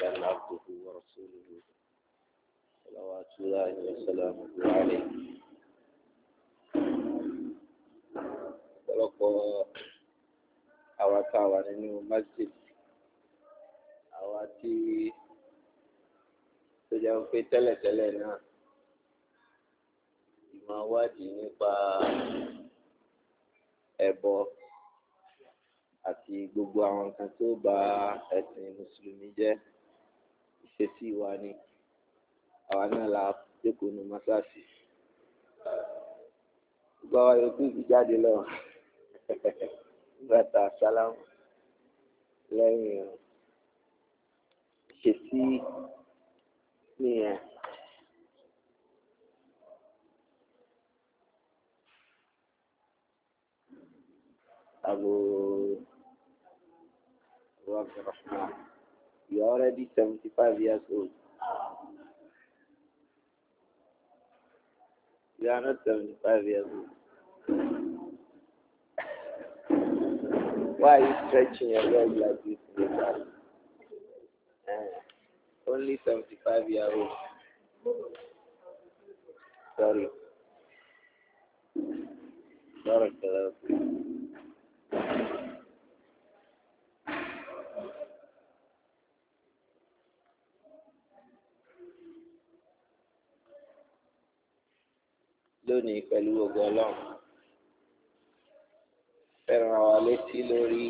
محمدا عبده ورسوله صلوات الله وسلامه عليه ọ̀pọ̀lọpọ̀ àwa tá nínú masjid àwa tí tó jẹ́ pé tẹ́lẹ̀tẹ́lẹ̀ náà ìmọ̀ wádìí nípa ẹ̀bọ àti gbogbo àwọn nǹkan tó bà ẹ̀sìn mùsùlùmí jẹ́ ìṣesí wa ni àwa náà la jókòó nu mọ́ṣáàṣì gbogbo àwọn yòókù ti jáde lọ nígbà tá a sálámù lẹ́yìn ìṣesí nìyẹn. أبو أبو عبد الرحمن You're already 75 years old. You are not 75 years old. Why are you stretching your leg like this? Uh, only 75 years old. Sorry. Sorry, lónìí pẹ̀lú ògo ọlọ́run fẹ́ràn wa létí lórí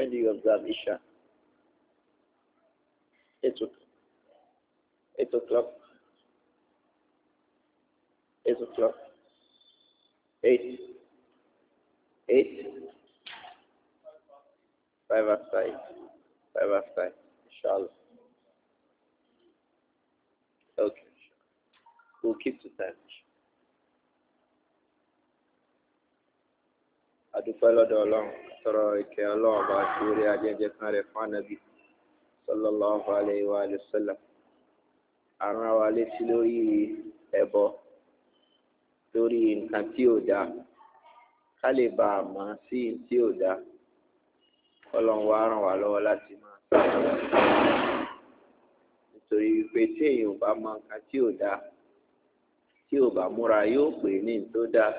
When do you observe Isha? 8 o'clock. 8 o'clock. 8 o'clock. 8. 8. 5 after 5 after 8. Inshallah. Okay. We'll keep to time. adúpẹ́ lọ́dọ̀ along. tọrọ ìkẹ́ ọlọ́run bá tí ó rí ajẹ́jẹ́ kan rẹ̀ fún ànábì sallallahu alayhi wa sallam àrùn àwa létí lórí ẹ̀bọ lórí nǹkan tí ò dáa ká lè bá a mọ̀ sí tí ò dáa ọlọ́run wa ràn wá lọ́wọ́ láti máa sáà nítorí wípé tí èèyàn bá mọ̀ nǹkan tí ò dáa tí ò bá múra yóò pè ní tó dáa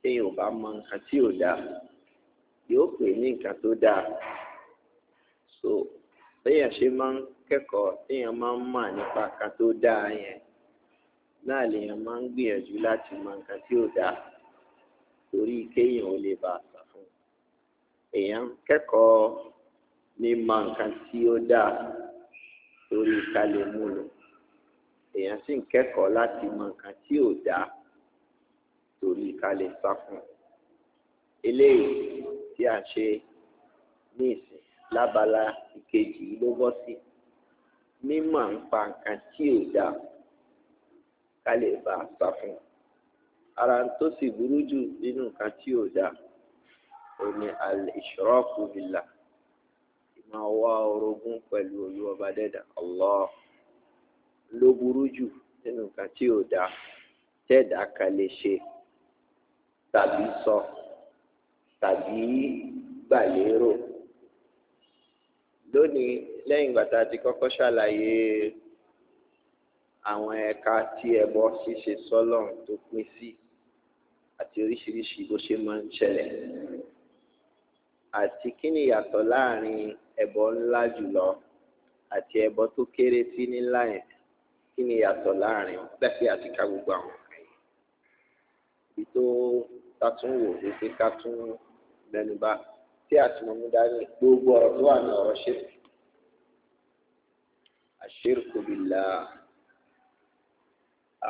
tí ò bá mọ̀ nǹkan tí ò dáa yóò pè ní nǹkan tó dáa so béèyàn ṣe máa ń kẹ́kọ̀ọ́ téèyàn máa ń mọ̀ nípa nǹkan tó dáa yẹn náà lèèyàn máa ń gbìyànjú láti mọ nǹkan tí ò dáa torí kéèyàn ò lè bá a sà fún èèyàn kẹ́kọ̀ọ́ mímọ̀ nǹkan tí ó dáa torí ká lè mú lò èèyàn sì ń kẹ́kọ̀ọ́ láti mọ nǹkan tí ò dáa torí ká lè sá fún eléyìí tí à ń ṣe ní ìsìn lábala ìkejì yìí ló bọ́ sí mímọ̀ ń pa nǹkan tí ò dáa ká lè bá a sá fún un ara tó sì burú jù nínú nǹkan tí ò dáa ò ní al-ishraku billah máa wá orogún pẹ̀lú olú ọba dẹ́dà Allah ló burú jù nínú nǹkan tí ò dáa tẹ́ẹ̀dá kan lè ṣe tàbí sọ. So tàbí gbàlérò lónìí lẹ́yìn ìgbà tá a ti kọ́kọ́ ṣàlàyé àwọn ẹ̀ka tí ẹbọ ṣíṣe sọ́lọ́run tó pín sí àti oríṣiríṣi bó ṣe máa ń ṣẹlẹ̀ àti kí ni ìyàtọ̀ láàrin ẹbọ ńlá jùlọ àti ẹbọ tó kéré sí nílá yẹn kí ni ìyàtọ̀ láàrin gbẹ́sẹ̀ àti ká gbogbo àwọn ọ̀rẹ́ yìí tó ta tún wò ká tún lẹ́nubá tí àtìmọ̀mú dání gbogbo ọ̀rọ̀ tó wà ní ọ̀rọ̀ ṣírk àṣírkù billah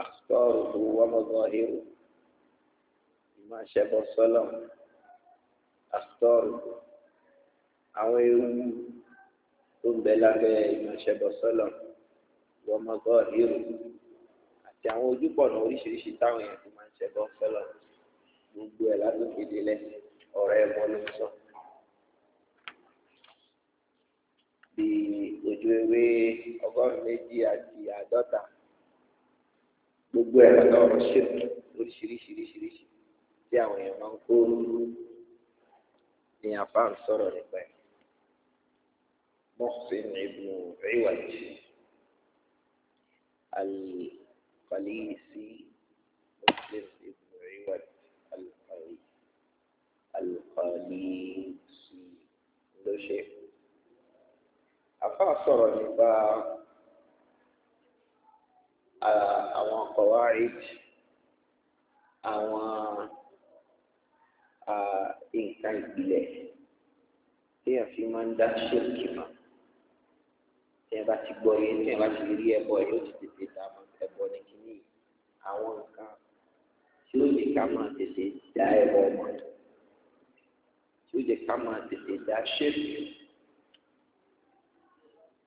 àkọ́rùkù wọ́mọ́gọ́hìrù ìmọ̀ àṣẹbọ sọ́lọ̀ àkọ́rùkù àwọn ewu tó ń bẹ lábẹ́ ìmọ̀ àṣẹbọ sọ́lọ̀ wọ́mọ́gọ́hìrù àti àwọn ojúbọ̀nà oríṣiríṣi táwọn èèyàn ti máa ń ṣẹbọ sọ́lọ̀ gbogbo ẹ̀ lásìkò ìdílé ọ̀rẹ́ ẹbọ ní sọ. bí ojú ewé ọgọ́rùn-ún méjì àti àádọ́ta gbogbo ẹ̀ lọ́nà ọ̀rọ̀ ṣèlú lóríṣiríṣiríṣiríṣi tí àwọn èèyàn máa ń kó ní apá ń sọ̀rọ̀ nípa ẹ̀. محسن ابن عوج القليسي alùpàlìsì ló ṣe. àfa sọ̀rọ̀ nípa àwọn kọ̀wáìd àwọn nǹkan ìbílẹ̀ tí a fi máa ń dá ṣéèkì mọ́ tí a bá ti gbọ́ yé tí a bá ti rí ẹbọ yóò ti tètè dá ẹbọ ní kínní àwọn nǹkan tí ó ní ká máa tètè dá ẹbọ mọ́ ló jẹ ká máa tètè dá ṣẹ́ẹ̀pù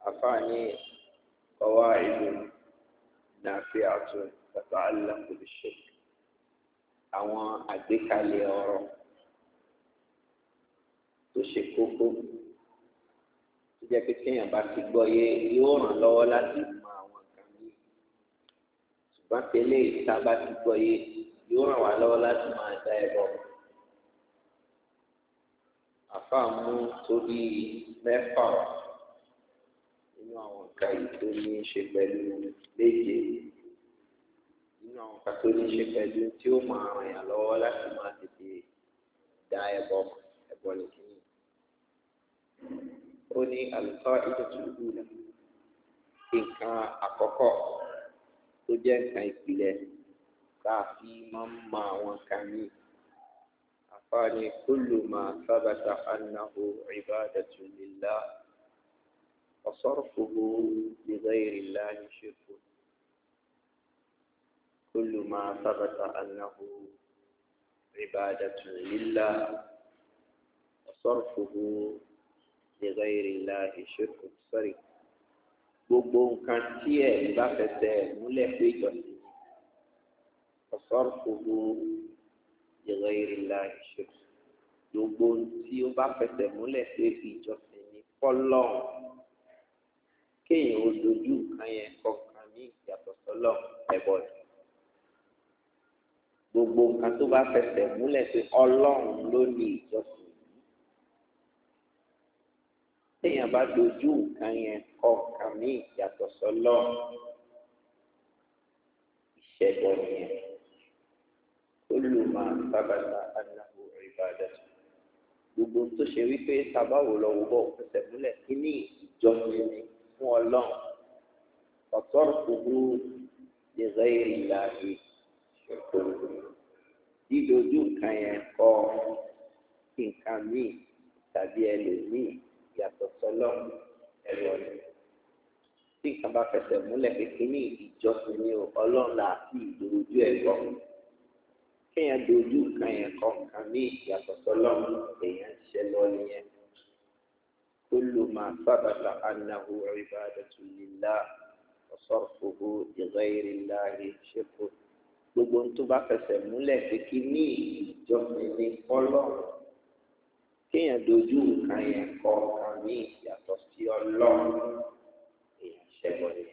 àfààní ọwọ́ ìlú nàfi àtún tàbá alákòlù ṣẹ́ẹ̀pù àwọn àgbékalẹ̀ ọ̀rọ̀ tó ṣe kókó tó jẹ́ pé kéèyàn bá ti gbọ́ yé yóò ràn lọ́wọ́ láti mọ àwọn nǹkan yìí ṣùgbọ́n tẹ́lẹ̀ ìta bá ti gbọ́ yé yóò ràn wá lọ́wọ́ láti máa dá ẹ̀rọ ọ̀hún àfa mú torí mẹ́fà wá nínú àwọn nǹkan yìí tó ní í ṣe pẹ̀lú méje nínú àwọn nǹkan tó ní í ṣe pẹ̀lú tí ó máa ràn yàn lọ́wọ́ láti máa tètè da ẹbọ ẹbọ nìkíní ó ní àlùkò ìdọ̀tún ìlú nǹkan àkọ́kọ́ tó jẹ́ nǹkan ìpìlẹ̀ tá a fi máa ń mọ àwọn nǹkan yìí. فاني كل ما ثبت أنه عبادة لله فصرفه لغير الله شرك كل ما ثبت أنه عبادة لله وصرفه لغير الله شرك صريح gbogbo nǹkan tí ẹ bá fẹsẹ̀ múlẹ̀ pé ọ̀sọ́rùfù ìrẹ́ ìlà ìṣèlú gbogbo tí ó bá fẹsẹ̀ múlẹ̀ pé ìjọsìn ní fọ́lọ́ kéèyàn ó dojú nǹkan yẹn kọ̀ọ̀kan ní ìyàtọ̀ sọ́lọ̀ ẹ̀bọ̀ rẹ̀ gbogbo nǹkan tó bá fẹsẹ̀ múlẹ̀ pé ọlọ́run ló ní ìjọsìn yìí kéèyàn bá dojú nǹkan yẹn kọ̀ọ̀kan ní ìyàtọ̀ sọ́lọ̀ ìṣẹ̀bọ̀ yẹn olú máa sábàtà anáwó ìbàdàn gbogbo tó ṣe wípé tabawo lọ́wọ́ bọ̀ fẹsẹ̀ múlẹ̀ kíní ìjọsìn ni fún ọlọ́run ọ̀tọ́rọ̀ kúrú lẹ́sẹ̀ ìlà ìṣòro dídójú nǹkan yẹn kọ́ nǹkan míì tàbí ẹlòmíì yàtọ̀ sọ́lọ́ ẹ̀rọ ni tí nǹkan bá fẹsẹ̀ múlẹ̀ kíní ìjọsìn ni ọlọ́run àti ìdójú ẹ̀gbọ́n kéèyàn dojú kan yẹn kọ kan ní ìyàtọ̀ sọlọ́run èèyàn ṣiṣẹ́ lọ nìyẹn kullu ma sabata annahu ibadatu lillah wa sarfuhu li ghayri llahi shirku gbogbo ń tó bá fẹsẹ̀ múlẹ̀ pé kí ní ìjọsìn ní ọlọ́run kéèyàn dojú kan yẹn kọ kan ní ìyàtọ̀ sí ọlọ́run èèyàn ṣẹlọ yẹn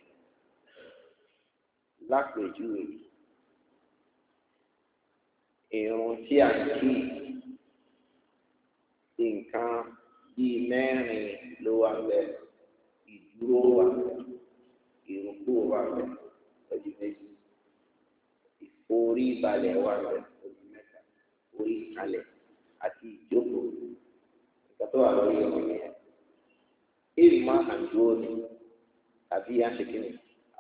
lápèjúwe yìí ìrun tí a kì í nǹkan bíi mẹ́rin ló wà bẹ́ẹ̀ ìdúró wà bẹ́ẹ̀ ìrùkú wà bẹ́ẹ̀ ọdún méjì ìforí balẹ̀ wà bẹ́ẹ̀ ọdún mẹ́ta orí kalẹ̀ àti ìjókòó ìgbà tó wà lórí ọmọ yẹn èyí máa hàn dúró ni àbí yá ṣe kíni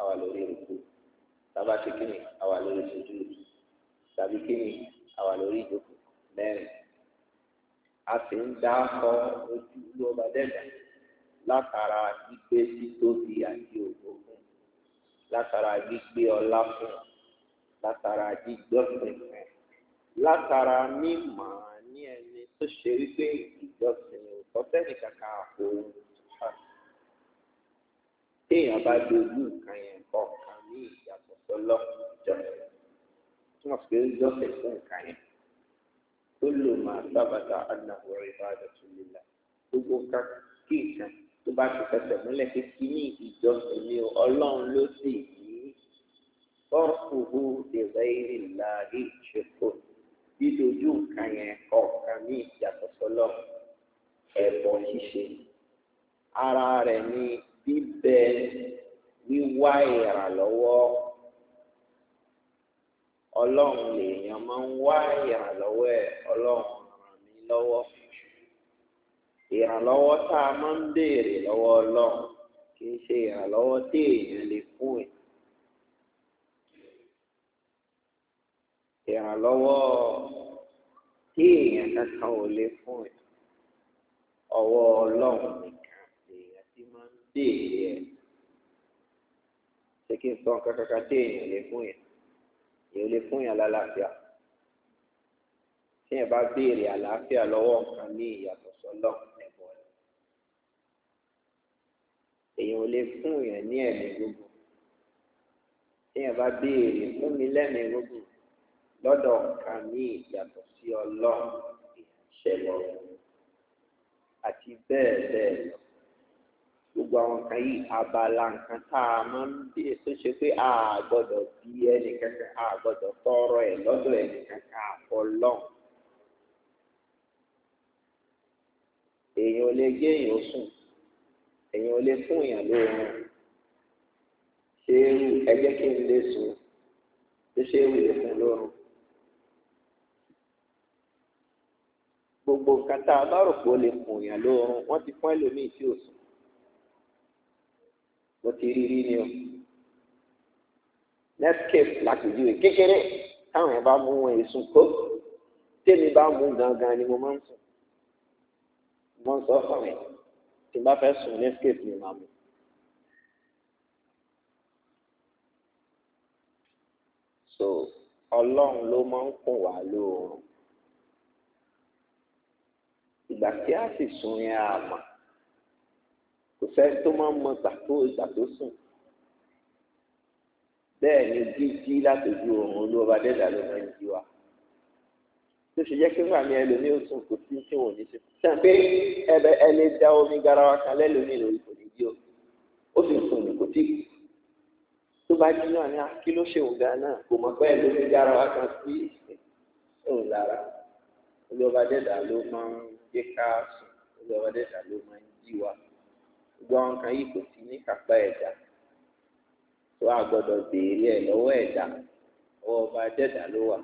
àwa lórí ìrùkú tàbá ṣe kíni àwa lórí ìṣojú tàbí kíni àwa lórí ìjókòó mẹ́rin a sì ń dá kọ ojú lọ́ba dẹ́gbà látara gbígbé títóbi àti ògbó fún látara gbígbé ọlá fún látara gbígbọ́sìn fún látara mímọ̀ ní ẹni tó ṣe wípé ìjọsìn òkọ́ fẹ́ni kàkà òun téèyàn bá dojú nǹkan yẹn kọ̀ọ̀kan ní ìyàtọ̀ sọ́lọ́ ìjọsìn túmọ̀ sí pé lọ́sẹ̀ fún nǹkan yẹn ó lò máa sábàtà àdàbò ìbáradà tó lè la gbogbo nǹkan kí nǹkan tó bá ti fẹsẹ̀ múlẹ̀ pé kí ní ìjọsìn ni ọlọ́run ló sì yí tọ́kùhù ìrẹ́ ìrìnlá ìṣèkò dídójú nǹkan yẹn kọ̀ọ̀kan ní ìyàtọ̀ sọ́lọ́ ẹbọ ṣíṣe ara rẹ̀ ni bíbẹ wíwá ìrànlọ́wọ́ ọlọ́run lèèyàn máa ń wá ìrànlọ́wọ́ ẹ̀ ọlọ́run ràn mí lọ́wọ́ ìrànlọ́wọ́ tá a máa ń béèrè lọ́wọ́ ọlọ́run kì í ṣe ìrànlọ́wọ́ tí èèyàn lè fún ẹ̀ ìrànlọ́wọ́ tí èèyàn kankan ò lè fún ẹ̀ ọwọ́ ọlọ́run nìkan lèèyàn ti máa ń béèrè ẹ̀ ṣé kí n sọ kankan tí èèyàn lè fún ẹ̀ èyí lè fún yàn lálàáfíà tí yàn bá béèrè àlàáfíà lọ́wọ́ kan ní ìyàtọ̀ sọ́lọ́ ẹ̀bọ̀ rẹ̀ èyí ò lè fún yàn ní ẹ̀mí gbogbo tí yàn bá béèrè fún mi lẹ́mí gbogbo lọ́dọ̀ kan ní ìyàtọ̀ sí ọlọ́run ìṣẹ̀lẹ̀ àti bẹ́ẹ̀ bẹ́ẹ̀ lọ. gbogbo àwọn nǹkan yìí abala nǹkan tá a máa ń bí tó ṣe pé a gbọ́dọ̀ bí a tọrọ ẹ̀ lọ́dọ̀ ẹnìkankan àfọlọ́n. èèyàn lè gé èèyàn sùn èèyàn lè fún èèyàn lóorun ṣé irú kí n lè sùn irú lè gbogbo nǹkan tá a bá rò pé ó lè fún èèyàn lóorun ti fún ẹlòmíì tí ò sùn. mo ti rí rí ni o netscape lápèjúwe kékeré táwọn yẹn bá mú wọn èsùn kó tèmi bá mú gangan ni mo máa ń sùn mo ń sọ fún mi tí n bá fẹ́ sùn netscape ni màá mú. so ọlọ́run ló máa ń kùn wá lóorun ìgbà tí a sì sùn yẹn àmọ́ kò sẹ́ni tó máa ń mọ ìgbà tó ìgbà tó sùn bẹ́ẹ̀ ni jíjí látòjú òun olúwa dẹ́dà ló máa ń jí wa tó ṣe jẹ́ kí wà ní ẹlòmíì ó sùn kò sí tí wọn ò ní ṣe sàn pé ẹbẹ ẹ lè da omi garawa kan lẹ́lòmíì lórí kò ní jí o ó sì sùn ní kò tí tó bá jí náà ní ah, kí ló ṣe òun gan náà kò mọ̀ pé ẹlòmí garawa kan sí òun lára olúwa dẹ́dà ló máa ń gbé ká sùn olúwa dẹ́dà ló máa ń jí wa gbogbo àwọn kan yìí kò sí ní kápá ẹ̀dá tó a gbọ́dọ̀ béèrè ẹ̀ lọ́wọ́ ẹ̀dá ọwọ́ ọba dẹ́dà ló wà.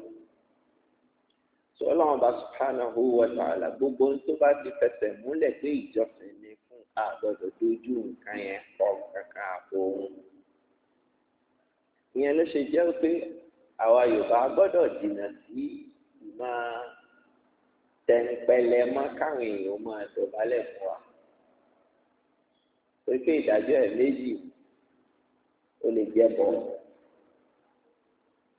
tó ọlọ́run bá subhanahu wa ta'ala gbogbo ohun tó bá ti fẹsẹ̀ múlẹ̀ pé ìjọsìn ni fún a gbọ́dọ̀ dojú nǹkan yẹn kọ́ kankan àpò ìyẹn ló ṣe jẹ́ pé àwa Yorùbá gbọ́dọ̀ dìnà sí ìmáa tẹnipẹlẹ mọ́ káwọn èèyàn máa dọ̀bálẹ̀ fún wa pé ìdájọ́ ẹ̀ méjì ó lè jẹ́ bọ̀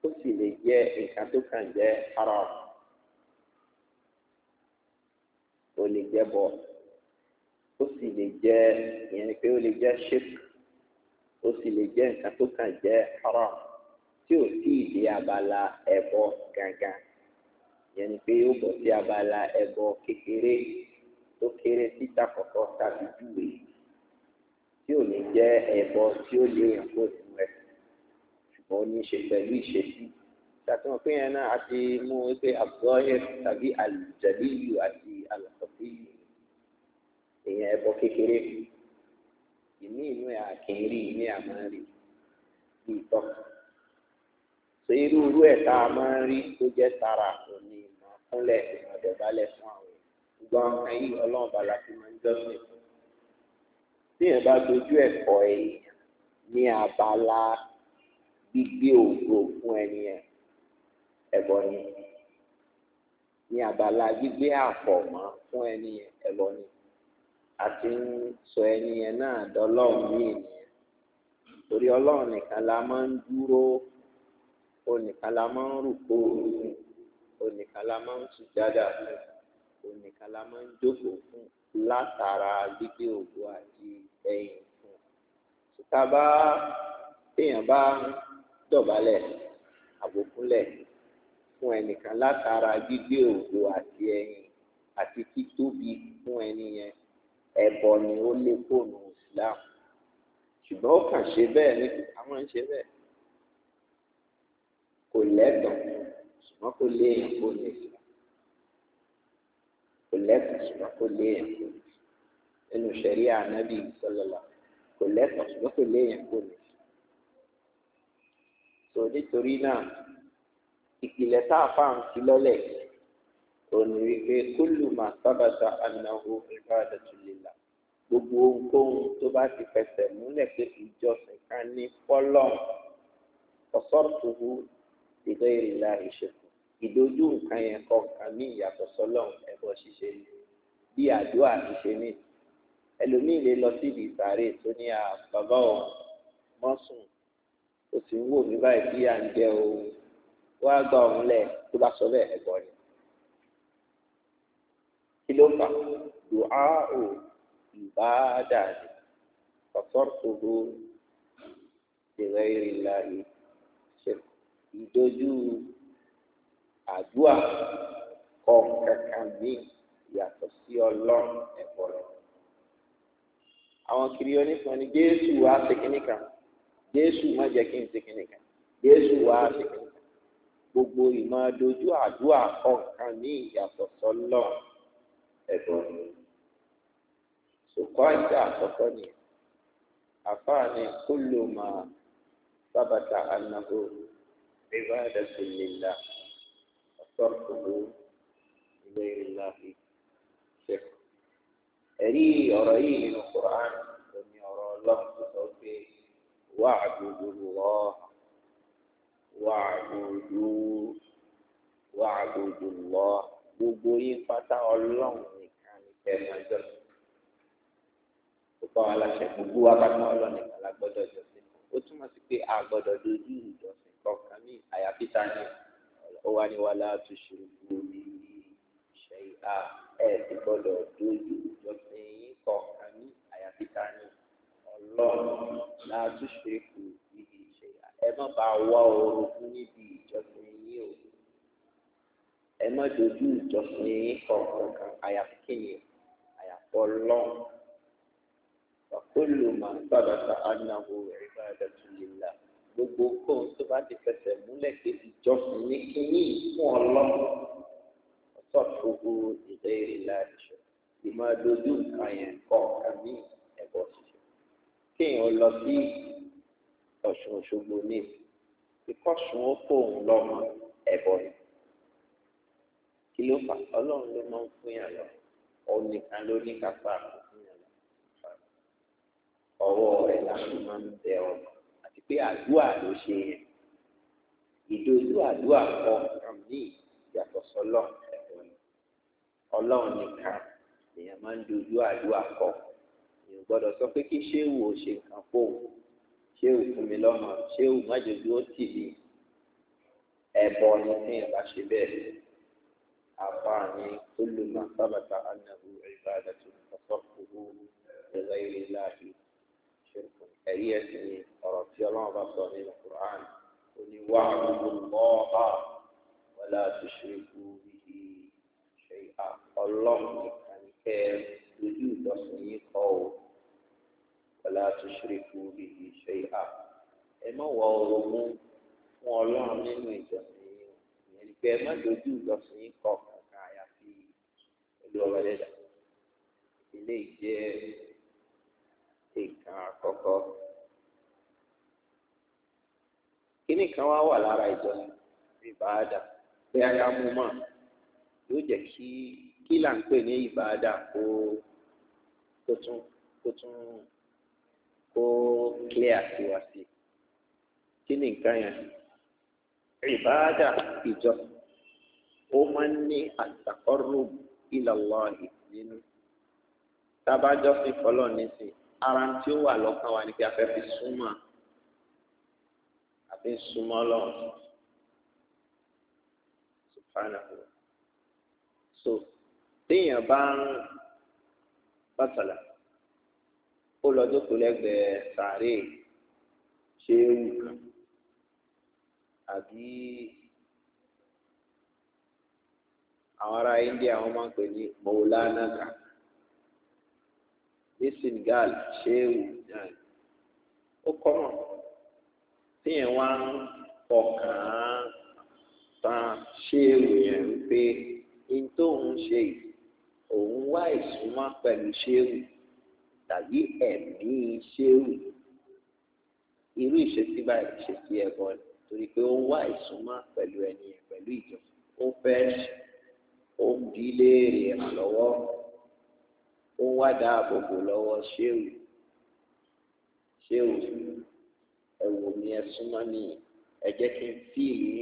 ó sì lè jẹ́ nǹkan tó kàn jẹ́ haram ó lè jẹ́ bọ̀ ó sì lè jẹ́ ìyẹn pé ó lè jẹ́ ṣíp ó sì lè jẹ́ nǹkan tó kàn jẹ́ haram tí ò tí ì dé abala ẹbọ gangan ìyẹn ni pé ó bọ̀ sí abala ẹbọ kékeré tó kéré síta kọ̀kọ́ tàbí júwèé tí ò ní jẹ́ ẹ̀bọ tí ó lé yàn kó nínú ẹ̀ ṣùgbọ́n ó ní í ṣe pẹ̀lú ìṣesí ṣàtúnwò pé yẹn náà a ti mú wípé abdulhaj tàbí alùjẹ̀líyù àti alùkọ̀bíyù ìyẹn ẹ̀bọ kékeré ìní inú ẹ̀ àkìnrí ìní àmọ́rí bí ìtọ́ ṣe irú irú ẹ̀ tá a máa ń rí tó jẹ́ tara òní ìmọ̀ kúnlẹ̀ ìmọ̀ dọ̀bálẹ̀ fún àwọn ṣùgbọ́n ẹ̀yìn ọlọ́ọ̀bá la máa ń jọ́sìn téèyàn bá dojú ẹ̀kọ́ èèyàn ní abala gbígbé ògo fún ẹni yẹn ẹbọ ni ní abala gbígbé àfọ̀mọ́ fún ẹni yẹn ẹbọ ni àti ń sọ ẹni yẹn náà dọlọ́run ní ìnìyẹn torí ọlọ́run nìkan la máa ń dúró onìkan la máa ń rúkó onìkan la máa ń sùjádà fún onìkan la máa ń jókòó fún látara gbígbé ògo àti lẹ́yìn ikú síta bá téèyàn bá dọ̀bálẹ̀ àbòkúnlẹ̀ fún ẹnìkan látara gbígbé ògo àti ẹ̀yìn àti títóbi fún ẹni yẹn ẹbọ ni ó lé kóònù Islam ṣùgbọ́n ó kàn ṣe bẹ́ẹ̀ ní a máa ń ṣe bẹ́ẹ̀ kò lẹ́tọ̀ọ́ ṣùgbọ́n kò léèyàn kóònù Islam kò lẹ́tọ̀ọ́ ṣùgbọ́n kò léèyàn kóònù nínú sẹ̀rí ànábì sọlọ́lá kò lẹ́tọ̀ ṣùgbọ́n kò léèyàn kò ní. sọ nítorí náà ìpìlẹ̀ tá a fà ń fi lọ́lẹ̀ òní wípé kúlù mà sábàtà ànáwó ìbáradàtú lélà gbogbo ohunkóhun tó bá ti fẹsẹ̀ múlẹ̀ pé ìjọsìn kan ní fọ́lọ́ ọ̀sọ́ọ̀tùwù ìgbẹ́ ìrìnlá ìṣẹ̀kù ìdojú nǹkan yẹn kọ̀ọ̀kan ní ìyàtọ̀ sọ́lọ́ọ̀ ẹ̀bọ ṣíṣe bí àdúrà ṣíṣe ní ìsìn ẹlòmíì lè lọ síbi ìsàrè tó ní à bàbá ò mọ́sùn ó sì ń wò mí báyìí bí à ń jẹ o wá gba òun lẹ̀ tó bá sọ bẹ́ẹ̀ ẹ̀gbọ́n ni kí ló fà dùá ò ìbáadà ni ọ̀sọ́rọ̀tòbó ìrẹ́ ìrìnlá ṣe ìdojú àdúrà kọ̀ọ̀kan kan ní sí ọlọ́run ẹ̀kọ́ rẹ̀ àwọn kiri onífọn ni jésù wàá ṣe kínní kan jésù má jẹ́ kí n ṣe kan jésù wàá ṣe kínní kan gbogbo ìmọ̀ dojú àdúrà ọ̀kan ní ìyàtọ̀ sọ́lọ̀ ẹ̀bọ̀n ni ṣùkọ́ ìjà ni àfáà ni kúlò máa sábàtà ànágó ìbáradà sí lè la ọ̀sọ́kùnrin ìwé ìlànà ẹ̀rí ọ̀rọ̀ yìí nínú Qur'an omi ọ̀rọ̀ ọlọ́run tó sọ pé wà á gbogbo lọ wà á gbogbo wà á gbogbo lọ gbogbo yín pátá ọlọ́run nìkan ní kẹ́ẹ̀mọ́ ẹjọ́ kò bá wa láṣẹ gbogbo wa pátá ọlọ́run nìkan la gbọ́dọ̀ jọ sí ó túmọ̀ sí pé a gbọ́dọ̀ dojú ìjọsìn kọ̀ọ̀kan ní àyàfi ta ó wà ní wàhálà tó ṣe gbòòrò ìṣẹ̀yà ẹ̀ ti gbọ́dọ̀ dojú ìjọsìn yín kọ̀ọ̀kan ní àyàfi ta ni ọlọ́run láti ṣe kù níbi ìṣẹ̀yà ẹ má bá wá orogún níbi ìjọsìn yín o ẹ má dojú ìjọsìn yín kọ̀ọ̀kan kan àyàfi kíni àyàfi ọlọ́run wàkúlù máa gbàgbà sa anáwó ìbádàtú lillah gbogbo kóun tó bá ti fẹsẹ̀ múlẹ̀ pé ìjọsìn ní kíní fún ọlọ́run sọ́ọ̀tù ìjẹ́ ìrìnlá ìṣọ́ ìmọ̀ dojú nǹkan yẹn kọ́ kàmí ẹ̀bọ̀ ṣiṣẹ́ kéèyàn lọ sí Ọ̀ṣun Òṣogbo ní kíkọ́sùn ó kó òun lọ́mọ ẹ̀bọ̀ ni kí ló fà Ọlọ́run ló máa ń fún yàn lọ òun nìkan ló ní kápá ọwọ́ rẹ̀ láti máa ń bẹ ọmọ àti pé àdúrà ló ṣe yẹn ìdojú àdúrà kọ kàmí ìyàtọ̀ sọlọ́ọ̀ ọlọ́run nìkan èèyàn máa ń dojú àdúrà kọ èèyàn gbọ́dọ̀ sọ pé kí ṣéwù ò ṣe nǹkan kó o ṣéwù fún mi lọ́mọ ṣéwù má jòjú ó tì mí ẹ̀bọ ni tí èèyàn bá ṣe bẹ́ẹ̀ àfààní tó lù má sábàtà anahu ìbàdà tó sọ kúrú ẹ̀rọ ilé láàyè ẹ̀rí ẹ̀sìn ni ọ̀rọ̀ tí ọlọ́run bá sọ nínú Qur'an ó ní wàá gbogbo mọ́ wọlé àti ṣèkú bí ọlọ́run nìkan ní kẹ́ ẹ lójú ìjọsìn yín kọ́ o wọlé àtúnṣe kú bíi ṣe à ẹ má wọ ogun fún ọlọ́run nínú ìjọsìn yín ìyẹn ni pé ẹ má dojú ìjọsìn yín kọ́ kankan àyàfi pẹ̀lú ọ̀rọ̀ ẹ̀dá ilé ìjẹ́ nǹkan àkọ́kọ́ kíní kan wá wà lára ìjọsìn bíi bàádà pé ayá mú mọ́ yóò jẹ́ kí kí là ń pè ní ìbáadà kó kó tún kó tún kó clear sí wa sí kí ni nǹkan yẹn ìbáadà ìjọ ó máa ń ní àtàkọ́rò ìlàlọ́ọ̀hì nínú tábàjọ́ fi fọlọ́ nísìn ara tí ó wà lọ́kàn wa ni pé a fẹ́ fi súnmọ́ àfi súnmọ́ lọ́wọ́ so téèyàn bá ń pàtàlà ó lọ jókòó lẹ́gbẹ̀ẹ́ sàárè ewu àbí India ọma máa ń pè ní Maulana kan ewu ó kọ́ mọ̀ téèyàn wá ń ọkàn tán ewu yẹn ní tóun ṣe yìí òun wá ìsúnmọ́ pẹ̀lú ṣéwù tàbí ẹ̀mí ṣéwù irú ìṣesí báyìí ìṣesí ẹbọ ni torí pé ó wá ìsúnmọ́ pẹ̀lú ẹni yẹn pẹ̀lú ìjọ ó fẹ́ ó ń bi léèrè ìrànlọ́wọ́ ó ń wá dáàbòbò lọ́wọ́ ṣéwù ṣéwù ẹ wò ẹ súnmọ́ mi ẹ jẹ́ kí n fíìlì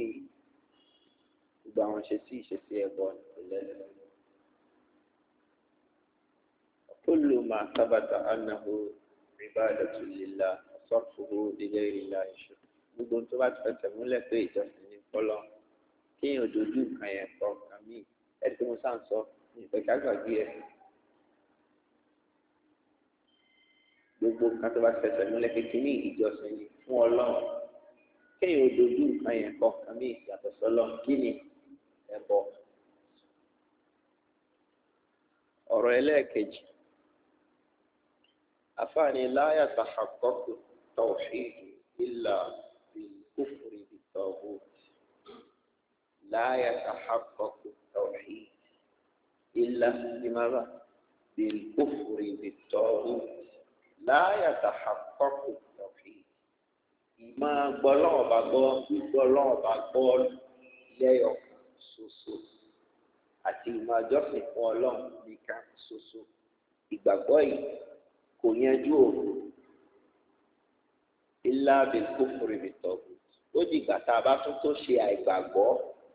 gbogbo àwọn ìṣesí ìṣesí ẹbọ ni. لنا كل ما ثبت أنه عبادة لله وصرفه لغير الله شرك gbogbo tó bá fẹsẹ̀ múlẹ̀ pé ìjọsìn ní fọlọ́ kéèyàn dojú kan yẹn kọ kan mí ẹ tí mo sá ń sọ ìpẹ̀ká gbàgbé ẹ̀ gbogbo kan tó bá fẹsẹ̀ múlẹ̀ pé kíní ìjọsìn ní fún ọlọ́run kéèyàn dojú kan yẹn kọ kan mí yàtọ̀ sọlọ́ kí ni ẹ̀bọ̀ ọ̀rọ̀ ẹlẹ́ẹ̀kejì afaani láyà tàhàkọ́kù tọ̀hìdù ìlà bìkúfùrì bìtọ̀hù láyà tàhàkọ́kù tọ̀hìdù ìlà bìmárà bìkúfùrì bìtọ̀hù láyà tàhàkọ́kù tọ̀hìdù ìmọ̀ gbọ́lọ́ọ̀bà gbọ́ gbígbọ́lọ́ọ̀bà gbọ́ lẹ́yọ̀ ṣoṣo àti ìmọ̀ àjọsìn fún ọlọ́run nìkan ṣoṣo ìgbàgbọ́ yìí kò yanjú òru ilá abẹ́kó fúnribìtọ́gù ó dìgbà tá a bá tún tó ṣe àìgbàgbọ́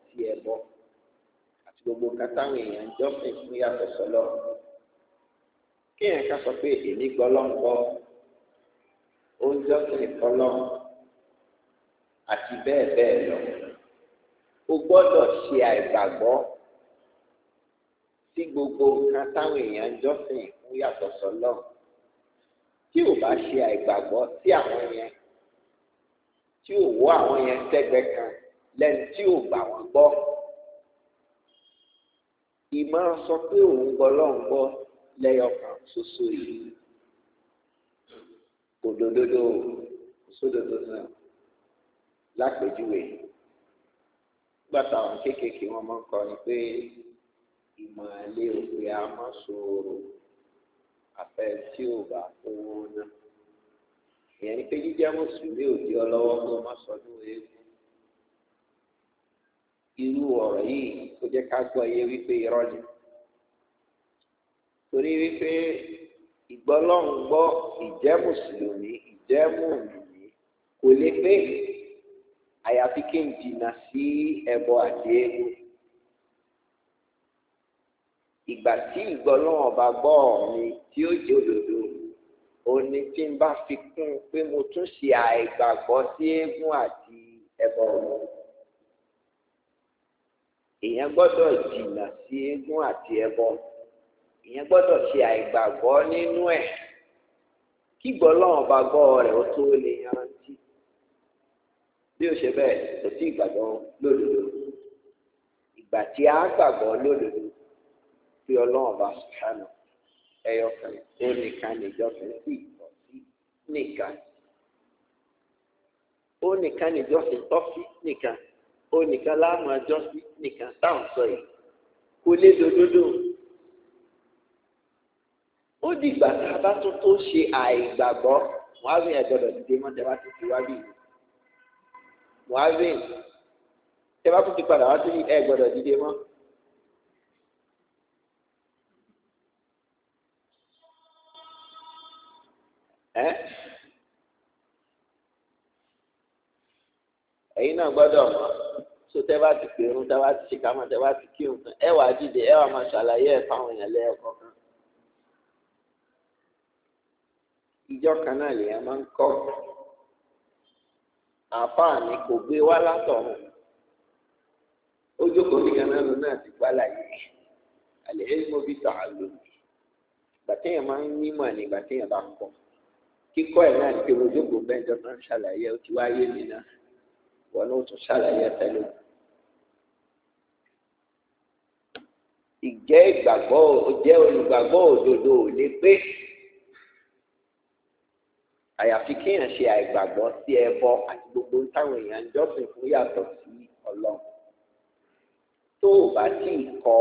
sí ẹbọ àti gbogbo nǹkan táwọn èèyàn ń jọ́sìn fún yàtọ̀ sọ́lọ́ kéèyàn ká sọ pé èmi gbọ́ lọ́nkọ́ ó ń jọ́sìn kọ́lọ́ àti bẹ́ẹ̀ bẹ́ẹ̀ lọ o gbọ́dọ̀ ṣe àìgbàgbọ́ tí gbogbo nǹkan táwọn èèyàn jọ́sìn fún yàtọ̀ sọ́lọ́ tí ò bá ṣe àìgbàgbọ́ sí àwọn yẹn tí ò wọ́ àwọn yẹn sẹ́gbẹ́ kan lẹ́nu tí ò gbà wọ́n gbọ́ ìmọ̀ sọ pé òun gbọ́ lọ́hùn gbọ́ lẹ́yọkàn ṣoṣo yìí kò dododo sódodo náà lápèjúwe gbàtà àwọn kéékèèké wọn máa ń kọ ni pé ìmọ̀lẹ́ òpè amásòrò afẹ́ tí ò bá kó wọn náà ìyẹn ni pé jíjẹ́ mùsùlùmí ò di ọlọ́wọ́ kó má sọdún eégún irú ọ̀rọ̀ yìí kó jẹ́ ká gbọ́ iye wípé irọ́ ni torí wípé ìgbọ́lọ́hún gbọ́ ìjẹ́ mùsùlùmí ìjẹ́ mùmìnì kò lè pé àyàfi kí n jìnnà sí ẹbọ àti eégún ìgbà tí ìgbọ́ náà bá gbọ́ mi tí ó jẹ́ òdodo òní tí n bá fi kún un pé mo tún ṣe àìgbàgbọ́ sí eégún àti ẹbọ ọ̀run èèyàn gbọ́dọ̀ jìnnà sí eégún àti ẹbọ èèyàn gbọ́dọ̀ ṣe àìgbàgbọ́ nínú ẹ̀ kí ìgbọ́ náà bá gbọ́ rẹ̀ ó tó lè yanrantí bí ó ṣe bẹ́ẹ̀ kò sí ìgbàgbọ́ lódodo ìgbà tí a gbàgbọ́ lódodo tí ọlọ́run ọba sùhánù ẹyọ kan ó nìkan nìjọsìn sí ìtọ́ sí nìkan ó nìkan nìjọsìn tọ́ sí nìkan ó nìkan láàmú àjọsìn nìkan táwọn sọ yìí kò lè dododo ó dìgbà tá a bá tún tó ṣe àìgbàgbọ́ muhammed gbọdọ̀ dìde mọ́ tẹ́wá ti ti wá bí muhammed tẹ́wá tún ti padà wá sí ẹ gbọdọ̀ dìde mọ́. ẹ̀yin náà gbọ́dọ̀ mọ̀ so tẹ́ bá ti pèrún tẹ́ bá ti ṣe kámọ́ tẹ́ bá ti kírun tán ẹ wàá dìde ẹ wàá máa ṣàlàyé ẹ̀ fáwọn èèyàn lẹ́ẹ̀kọ́ kan. ìjọ kan lèèyàn máa ń kọ́ àáfàá ni kò gbé wá látọ̀run ó jókòó ní ganan ló náà ti gbá láyé àlẹ́ ẹ̀ mo fi tọ̀ àlò gbàtẹ́yìn máa ń nímọ̀ ní gbàtẹ́yìn bá kọ́ kíkọ́ ẹ̀ náà ni pé mo jókòó bẹ́ẹ̀ jọ kan ṣàlàyé ó ti wáyé mi náà wọn ó tún ṣàlàyé ẹtẹlẹ. ìjẹ́ ìgbàgbọ́ jẹ́ olùgbàgbọ́ òdodo ò lè pé àyàfi kéèyàn ṣe àìgbàgbọ́ sí ẹbọ àti gbogbo táwọn èèyàn ń jọ́sìn fún yàtọ̀ sí ọlọ́run tó o bá tí ì kọ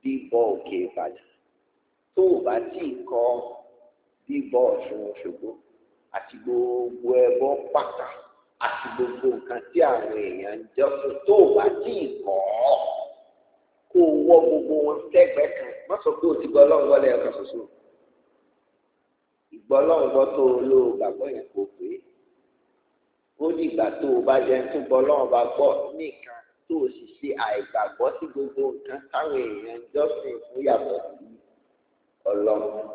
bíbọ òkè ìbàdàn tó o bá tí ì kọ bíbọ ọ̀ṣun òṣogbo àti gbogbo ẹbọ pàtàkì àti gbogbo nǹkan tí àwọn èèyàn ń jọ́sìn tó o bá tí ì kọ́ kó o wọ gbogbo wọn lẹ́gbẹ̀ẹ́ kan má sọ pé o ti gbọ́ ọlọ́run wọlé ọ̀kan ṣoṣo ìgbọ́ ọlọ́run gbọ́ tó o lo gbàgbọ́ yẹn kò pé ó ní ìgbà tó o bá jẹun tó gbọ́ ọlọ́run bá gbọ́ nìkan tó o sì ṣe àìgbàgbọ́ sí gbogbo nǹkan táwọn èèyàn ń jọ́sìn fún yàtọ̀ sí ọlọ́run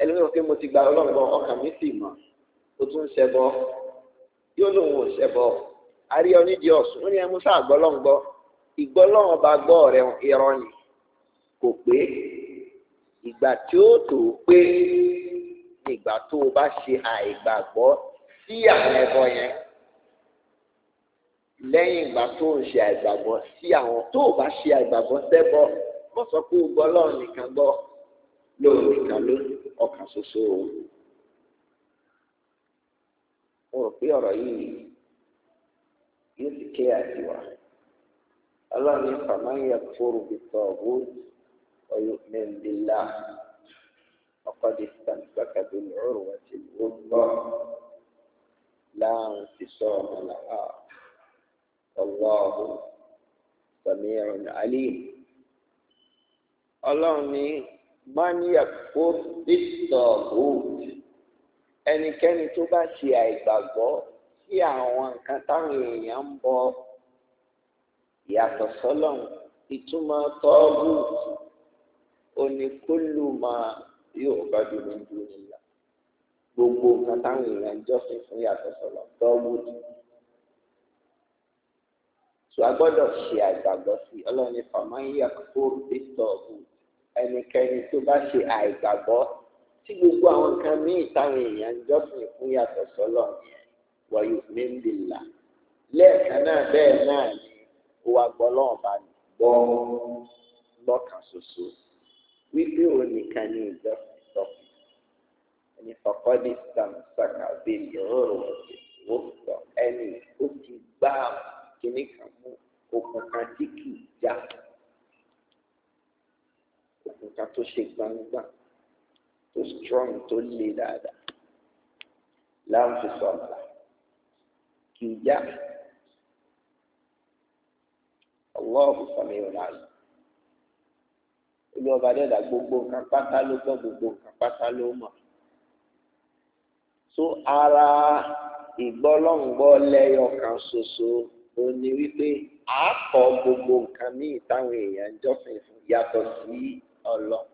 ẹlẹ́wọ̀n pé mo ti gba ọlọ́run bọ ọkàn mi sì mọ̀ o tún ń ṣẹbọ yóò lòun ò ṣẹbọ àrí onídìí ọ̀sùn ó ní ẹmu sáà gbọ́lọ́ ń gbọ́ ìgbọ́lọ́ ọba gbọ́ rẹ̀ irọ́ ni kò pé ìgbà tí ó tó pé nígbà tó o bá ṣe àìgbàgbọ́ sí àwọn ẹbọ yẹn lẹ́yìn ìgbà tó ń ṣe àìgbàgbọ́ sí àwọn tó o bá ṣe àìgbàgbọ́ sẹ́bọ wọ́n sọ pé o gbọ́ lọ́ọ̀ nìkan gbọ́ lóun nìkan ló ọkàn ṣoṣo òun mo rò pé ọ̀rọ̀ yìí yóò sì ké àti wà ọlọ́run ní fàmáyà fòrò bìtọ̀ ọ̀gbọ́n ọ̀yọ́ mẹ́ndínlá ọ̀kọ́dé sàǹtàkà tó ní ọ̀rọ̀ wá sí ìwọ́gbọ́ láàrín sísọ ọmọ làwà ọlọ́run sàmíràn àlè ọlọ́run ní máníyà fòrò bìtọ̀ ọ̀gbọ́n ẹnikẹ́ni tó bá ṣe àìgbàgbọ́ sí àwọn nǹkan táwọn èèyàn ń bọ ìyàtọ̀ sọ́lọ́n ìtumọ̀ tọ́ọ̀bù oníkólù máa yóò bá dúró dúró nílà gbogbo nǹkan táwọn èèyàn ń jọ́sìn fún ìyàtọ̀ sọ́lọ́n tọ́ọ̀bù tó a gbọ́dọ̀ ṣe àìgbàgbọ́ sí ọlọ́run ní fàmáyà kó bí ẹnikẹ́ni tó bá ṣe àìgbàgbọ́ tí gbogbo àwọn nǹkan míì táwọn èèyàn ń jọ́sìn fún yàtọ̀ sọ́lọ̀ yẹn wọ̀nyí mímìlá lẹ́ẹ̀kan náà bẹ́ẹ̀ náà ni ó wá gbọ́ lọ́wọ́ bá gbọ́ lọ́kàn ṣoṣo wípé òun nìkan ní ìjọsìn tọ́kì ẹni fọkọ́ di sam bíi ọ̀rọ̀ ọ̀sẹ̀ wọ́pọ̀ ẹni ó ti gbá kíní kan mú okùn kan tí kì í já okùn kan tó ṣe gbangba tó strong tó le dáadáa láǹfi sọ̀tà kì í já ọlọ́ọ̀bù sọ̀mí ọ̀làlù olú ọba dẹ́dà gbogbo nǹkan pátá ló gbọ́ gbogbo nǹkan pátá ló mọ̀ tó ara ìgbọ́lọ́ngbọ́ lẹ́yọ kan ṣoṣo ó ní wípé àákọ́ gbogbo nǹkan míì táwọn èèyàn ń yàtọ̀ sí ọlọ́run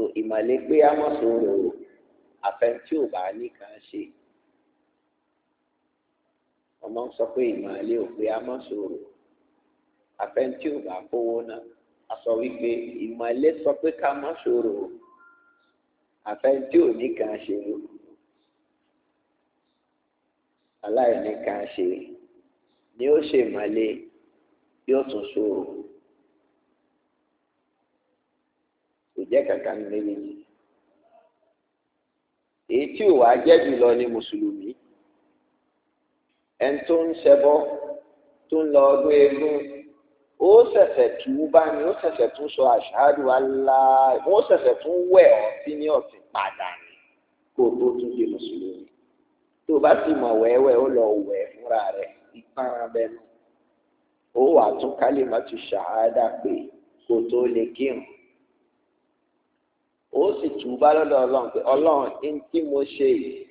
so ìmàlẹ́ pé a mọ̀ sọ̀rọ̀ àfẹ́ntí ò bá ní kàn ṣe ọmọ sọ pé ìmàlẹ́ ò pé a mọ̀ sọ̀rọ̀ àfẹ́ntí ò bá kówó náà a sọ wípé ìmàlẹ́ sọ pé ká mọ̀ sọ̀rọ̀ àfẹ́ntí ò ní kàn ṣe aláìní kàn ṣe ni ó ṣe ìmàlẹ́ yóò tún sọ̀rọ̀. jẹ́ kankan ní méjèèjì èyí tí ò wá jẹ́ jùlọ ni mùsùlùmí ẹni tó ń ṣẹbọ tó ń lọ ọdún eégún ó ṣẹ̀ṣẹ̀ tún bá ní ó ṣẹ̀ṣẹ̀ tún sọ àṣáájú alá ó ṣẹ̀ṣẹ̀ tún wẹ̀ ọtí ní ọ̀sìn padà ní kó o tó tún di mùsùlùmí tó o bá sì mọ̀ wẹ́wẹ́ ó lọ wẹ̀ fúnra rẹ̀ ìpara bẹnu ó wà tún kálímà tún ṣàhádà pé kó tó lè kírun ó sì tùbá lọ́dọ̀ ọlọ́run pé ọlọ́run ní tí mo ṣe yìí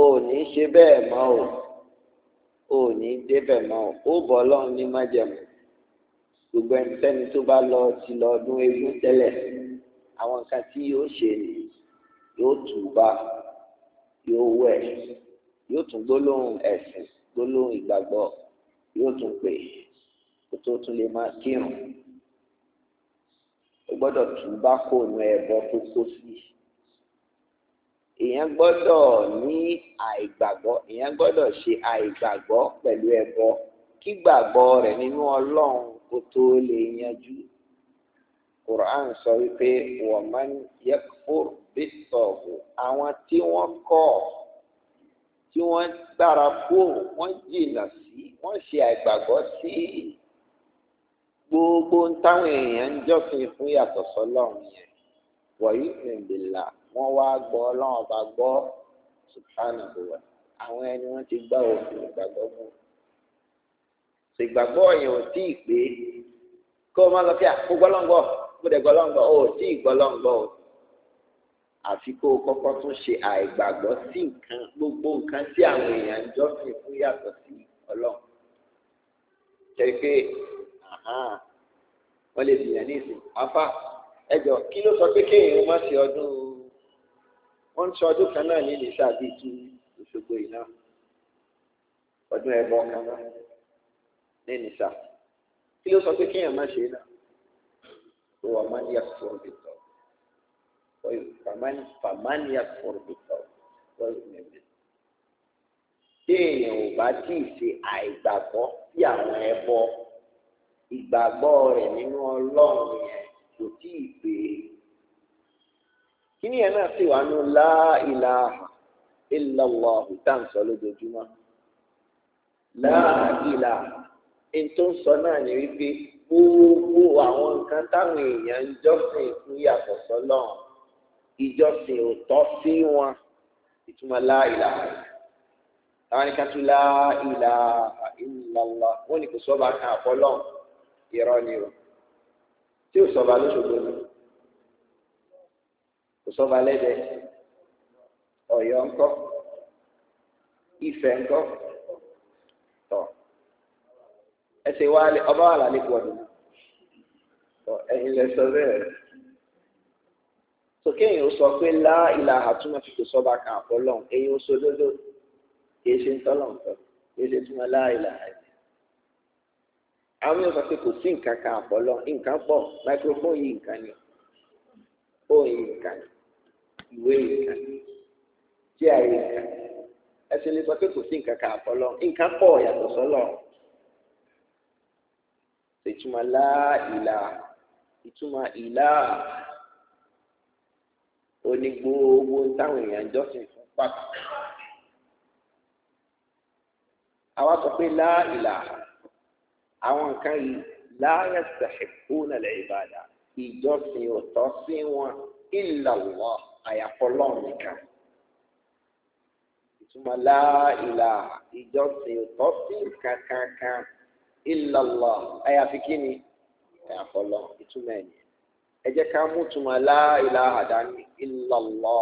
ò ní ṣe bẹ́ẹ̀ mọ́ o ò ní débẹ̀ mọ́ o ó bọ̀ ọlọ́run ní májẹ̀mú gbogbo ẹnikẹ́ni tó bá lọ ti lọ ọdún eégún tẹ́lẹ̀ àwọn nǹkan tí yóò ṣe ni yóò tùbá yóò wẹ̀ yóò tún gbólóhùn ẹ̀sìn gbólóhùn ìgbàgbọ́ yóò tún pè kó tó tún lè máa kírun o gbọ́dọ̀ tún bá kó nu ẹbọ tó kó sí èèyàn gbọ́dọ̀ ní àìgbàgbọ́ èèyàn gbọ́dọ̀ ṣe àìgbàgbọ́ pẹ̀lú ẹbọ kí gbàgbọ́ rẹ̀ nínú Ọlọ́run kó tó lè yanjú Quran sọ wípé wọ́n máa ń yẹ kó bí sọ̀rọ̀ àwọn tí wọ́n kọ̀ tí wọ́n gbára kó wọ́n jìnnà sí wọ́n ṣe àìgbàgbọ́ sí. Si gbogbo ń táwọn èèyàn ń jọ́sìn fún yàtọ̀ sọ́lọ́run yẹn wọ̀nyí ìrìnbìlà wọ́n wá gbọ́ ọlọ́run ọba gbọ́ subhanahu wa àwọn ẹni wọ́n ti gbá òfin ìgbàgbọ́ mú ìgbàgbọ́ yẹn ò tí ì pé kó o má lọ kí à kó gbọ́lọ́ngbọ́ kó dẹ̀ gbọ́lọ́ngbọ́ ò tí ì gbọ́lọ́ngbọ́ o àfi kó o kọ́kọ́ tún ṣe àìgbàgbọ́ sí nǹkan gbogbo nǹkan tí àwọn èèyàn ń jọ́sìn fún yàtọ̀ sí ọlọ́run wọ́n lè bìyàn ní ìsìn afá ẹjọ́ kí ló sọ pé kéèyàn má ṣe ọdún wọ́n ń sọ ọdún kan náà ní ìlísà bíi tú Òṣogbo iná ọdún ẹ̀bọ kan náà ní ìlísà kí ló sọ pé kéèyàn má ṣe náà tó wà má ní àkùrọ̀ bìtọ̀ fàmánì àkùrọ̀ bìtọ̀ wọ́n yóò mẹ́rin téèyàn ò bá tí ì ṣe àìgbàgbọ́ sí àwọn ẹbọ ìgbàgbọ́ rẹ̀ nínú ọlọ́run yẹn kò tí ì pé kí ni ẹ̀ náà sì wà ní la ilaha illallah tá à ń sọ lójoojúmọ́ la ilaha ẹni tó ń sọ náà ní wípé gbogbo àwọn nǹkan táwọn èèyàn ń jọ́sìn fún yàtọ̀ sọ́lọ́run ìjọsìn ò tọ́ sí wọn ìtumọ̀ la àwọn ẹni ká tún la ilaha wọn ni kò sọ́ba kan àfọlọ́run. irọ́ ni o tí ò sọba lóṣogbo ni kò sọba lẹ́dẹ̀ ọ̀yọ́ ńkọ́ ìfẹ́ ńkọ́ tọ̀ ẹsẹ̀ wa ọba wà lálẹ́ pọ̀ ni tọ̀ ẹ̀yin lẹ sọ bẹ́ẹ̀ sókè yìí ó sọ pé lá ìlà àtúmọ̀ tí kò sọba kan àpọ̀ lọ́hùn ó sọ àwọn yóò sọ pé kò sí nǹkan kan àpọ̀lọ nǹkan pọ̀ microphone yìí nǹkan ni phone yìí nǹkan ni ìwé yìí nǹkan ni chair yìí nǹkan ni ẹsẹ̀ lè sọ pé kò sí nǹkan kan àpọ̀lọ nǹkan pọ̀ yàtọ̀ sọ́lọ̀ ìtumọ̀ láìlà ìtumọ̀ ìlà oní gbogbo táwọn èèyàn jọ́sìn fún pàtàkì àwa sọ pé láìlà àwọn nǹkan yìí láàyè sàṣẹkù nàlẹ ìbàdà ìjọsìn ọ̀tọ̀ sí wọn ìlàwọ àyàfọlọ nìkan ìtumọ̀ láìlà ìjọsìn ọ̀tọ̀ sí kankankan ìlàlọ àyàfi kíni àyàfọlọ ìtumọ̀ ẹni ẹ jẹ́ ká mú ìtumọ̀ láìlà àdáni ìlàlọ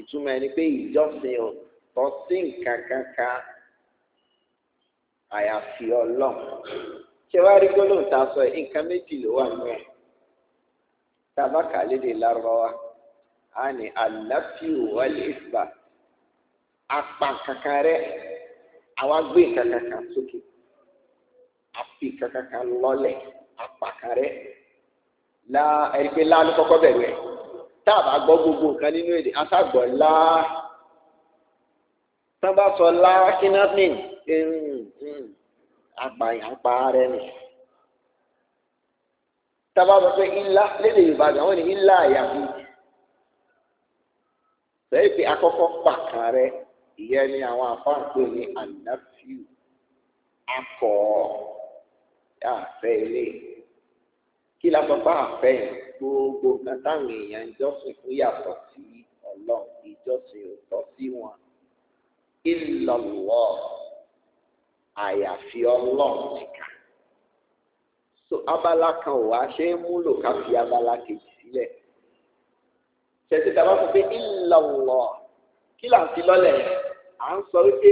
ìtumọ̀ ẹni pé ìjọsìn ọ̀tọ̀ sí kankankan àyàfi ọlọ́run ṣé wàá rí gbólóhùn tá a sọ yìí nǹkan méjì ló wà nù ẹ̀ tàbá kà lédè lárúbáwá a ní àlàáfíò wọlé ìgbà apá kankan rẹ àwa gbé kankan sókè àfi kankan kan apá kan rẹ la ẹni pé láàánú kọ́kọ́ bẹ̀rù ẹ̀ tá a bá gbọ́ gbogbo nǹkan nínú èdè a sá gbọ́ láà bá sọ láà kí náà nìyí apààyàn pa ara ẹni tábà sọ pé ilá lédè yorùbá àgbà wọn ni ilá àyàfi bẹ́ẹ̀ pé akọ́kọ́ pàkà rẹ ìyẹn ni àwọn afáàpẹ ní ànáfíù akọ àfẹ ilé kí la sọ pé àfẹ gbogbo nǹkan táwọn èèyàn jọ́sìn fún yàtọ̀ sí Ọlọ́run ìjọ́sìn ò tọ́ sí wọn ìlọlọ àyàfi ọlọ́run nìkan so abala kan ò wá ṣe é múlò ká fi abala kejì sílẹ̀ ṣètì tàbá fún pé ìlọ̀wọ̀ kí là ń fi lọ́lẹ̀ à ń sọ wípé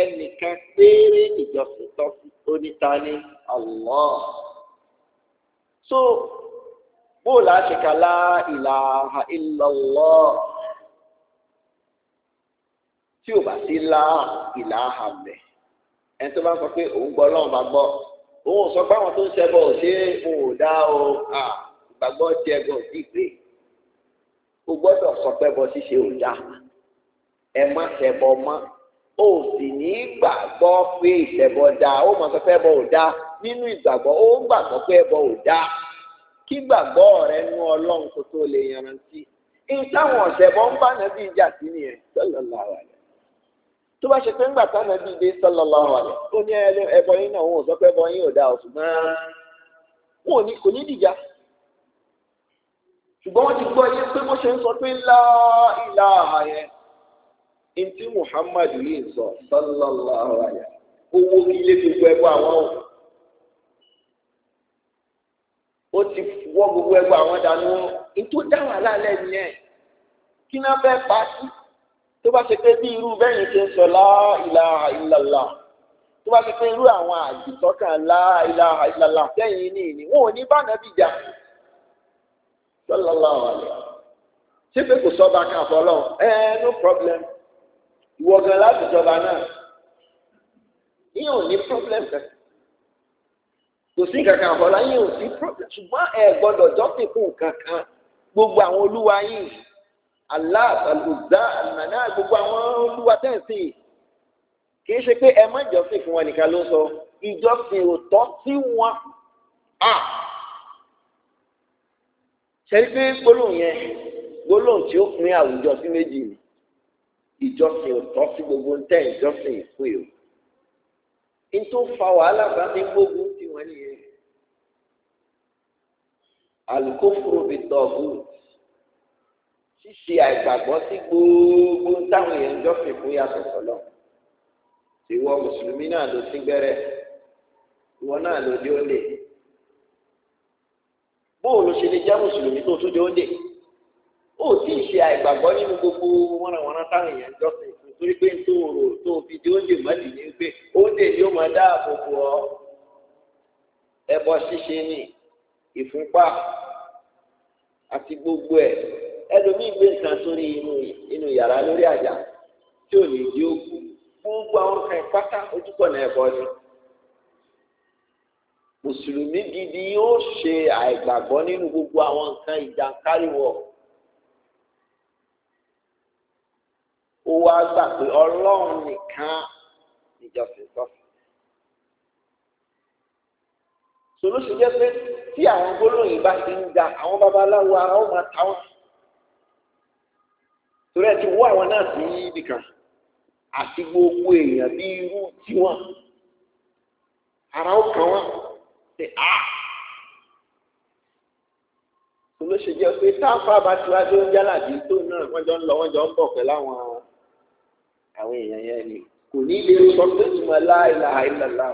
ẹnìkan péré ìjọsìn tọ́ oníta ní Allah so bó la ṣe kà lá ìlàhà ìlọ̀wọ̀ tí ò bá sí lá ìlàhà mẹ́ẹ̀ ẹni tó bá sọ pé òun gbọ́ ọlọ́run bá gbọ́ òun sọ pé àwọn tó ń ṣẹbọ ò ṣe é mo ò dá o ìgbàgbọ́ ti ẹgbẹ́ òbí pé o gbọ́dọ̀ sọ pé bọ ṣíṣe ò dá ẹ má ṣẹbọ mọ́ o sì ní gbàgbọ́ pé ìṣẹbọ dá o mọ̀ sọ pé ẹbọ ò dá nínú ìgbàgbọ́ ó gbàgbọ́ pé ẹbọ ò dá kí gbàgbọ́ rẹ nú ọlọ́run tó tó lè yanrantí ní táwọn ọ̀sẹ̀ bọ́ ń bá nàbí ìjà sí nìyẹn sọlọ́lá wà ní tó bá ṣe pé ńgbà táwọn ẹbí dé sallallahu alaihi ó ní ẹbọ yín náà wọn ò sọ pé ẹbọ yín ò dáa ṣùgbọ́n wọn ò ní kò ní dìjà ṣùgbọ́n wọ́n ti gbọ́ yé pé bó ṣe ń sọ pé la ilaha yẹn ntí muhammadu yìí ń sọ sallallahu alaihi owó ilé gbogbo ẹgbẹ́ àwọn o ó ti wọ́ gbogbo ẹgbẹ́ àwọn dànù nítorí dáhùn aláàlẹ́ nìyẹn kí náà fẹ́ pa sí tó bá ṣe pé bí irú bẹ́yìn ti ń sọ láìlà ìlàlà tó bá ṣe pé irú àwọn àjùtọ́kàn láìlà ìlàlà tẹ́yìn ní ìní wọn ò ní bá nàbí jà sọlọ́lá ọ̀lẹ́ ṣé pé kò sọ́ba kan fọlọ́ ẹ no problem ìwọ gan láti jọba náà yíyan ò ní problem kankan kò sí kankan fọlọ́ yíyan ò sí problem ṣùgbọ́n ẹ gbọ́dọ̀ jọ́sìn fún kankan gbogbo àwọn olúwa yìí. Allah alùzá àlùmọ̀nà gbogbo àwọn olúwa tẹ̀sí kì í ṣe pé ẹ má jọ́sìn fún wọn nìkan ló sọ ìjọsìn òótọ́ tí wọ́n à ṣẹ́rí pé gbólóhùn yẹn gbólóhùn tí ó pín àwùjọ sí méjì ni ìjọsìn òótọ́ sí gbogbo ń tẹ̀ ìjọsìn ìpè o n tó fa wàhálà bá ní gbógun tí wọ́n nìyẹn alukófòrò bìtọ̀ ọ̀gùn ṣíṣe àìgbàgbọ́ sí gbogbo táwọn èèyàn jọ fi fún yàtọ̀ sọ́lọ́ ìwọ mùsùlùmí náà ló sí gbẹ́rẹ́ ìwọ náà ló dé ó lè bóòlù ṣe lè jẹ́ mùsùlùmí tó tún dé ó lè ó tí ì ṣe àìgbàgbọ́ nínú gbogbo wọ́nàwọ́nà táwọn èèyàn jọ sí fún torí pé tó rò tó fi dé ó lè mọ́lì ní pé ó lè ní ó máa dáàbò bò ọ́ ẹbọ ṣíṣe ní ìfúnpá àti gbogbo ẹ̀ ẹlòmíì gbé nǹkan sórí inú yàrá lórí àjà tí ò ní di ogun gbogbo àwọn kan ìpátá ojúkọ̀ náà ẹ̀kọ́ ni mùsùlùmí gidi yóò ṣe àìgbàgbọ́ nínú gbogbo àwọn nǹkan ìjànkáríwọ̀ ó wá gbà pé ọlọ́run nìkan ìjọsìn tọ́sí. sòlóṣù jẹ́ pé tí àwọn gbólóyìn bá ti ń ga àwọn babaláwo ara ó máa ta wọ́n torí ẹ ti wọ àwọn náà sí kan? àti gbogbo èèyàn bí irú tiwọn ara ó kàn wọn ṣe á olóṣè jẹ pé táǹfà bá ti wá tó ń jálàbí tó náà wọn jọ ń lọ wọn jọ ń bọ̀ pẹ̀lú àwọn àwọn èèyàn yẹn ni kò ní lè sọ pé ìmọ̀ láìláha ìlàlá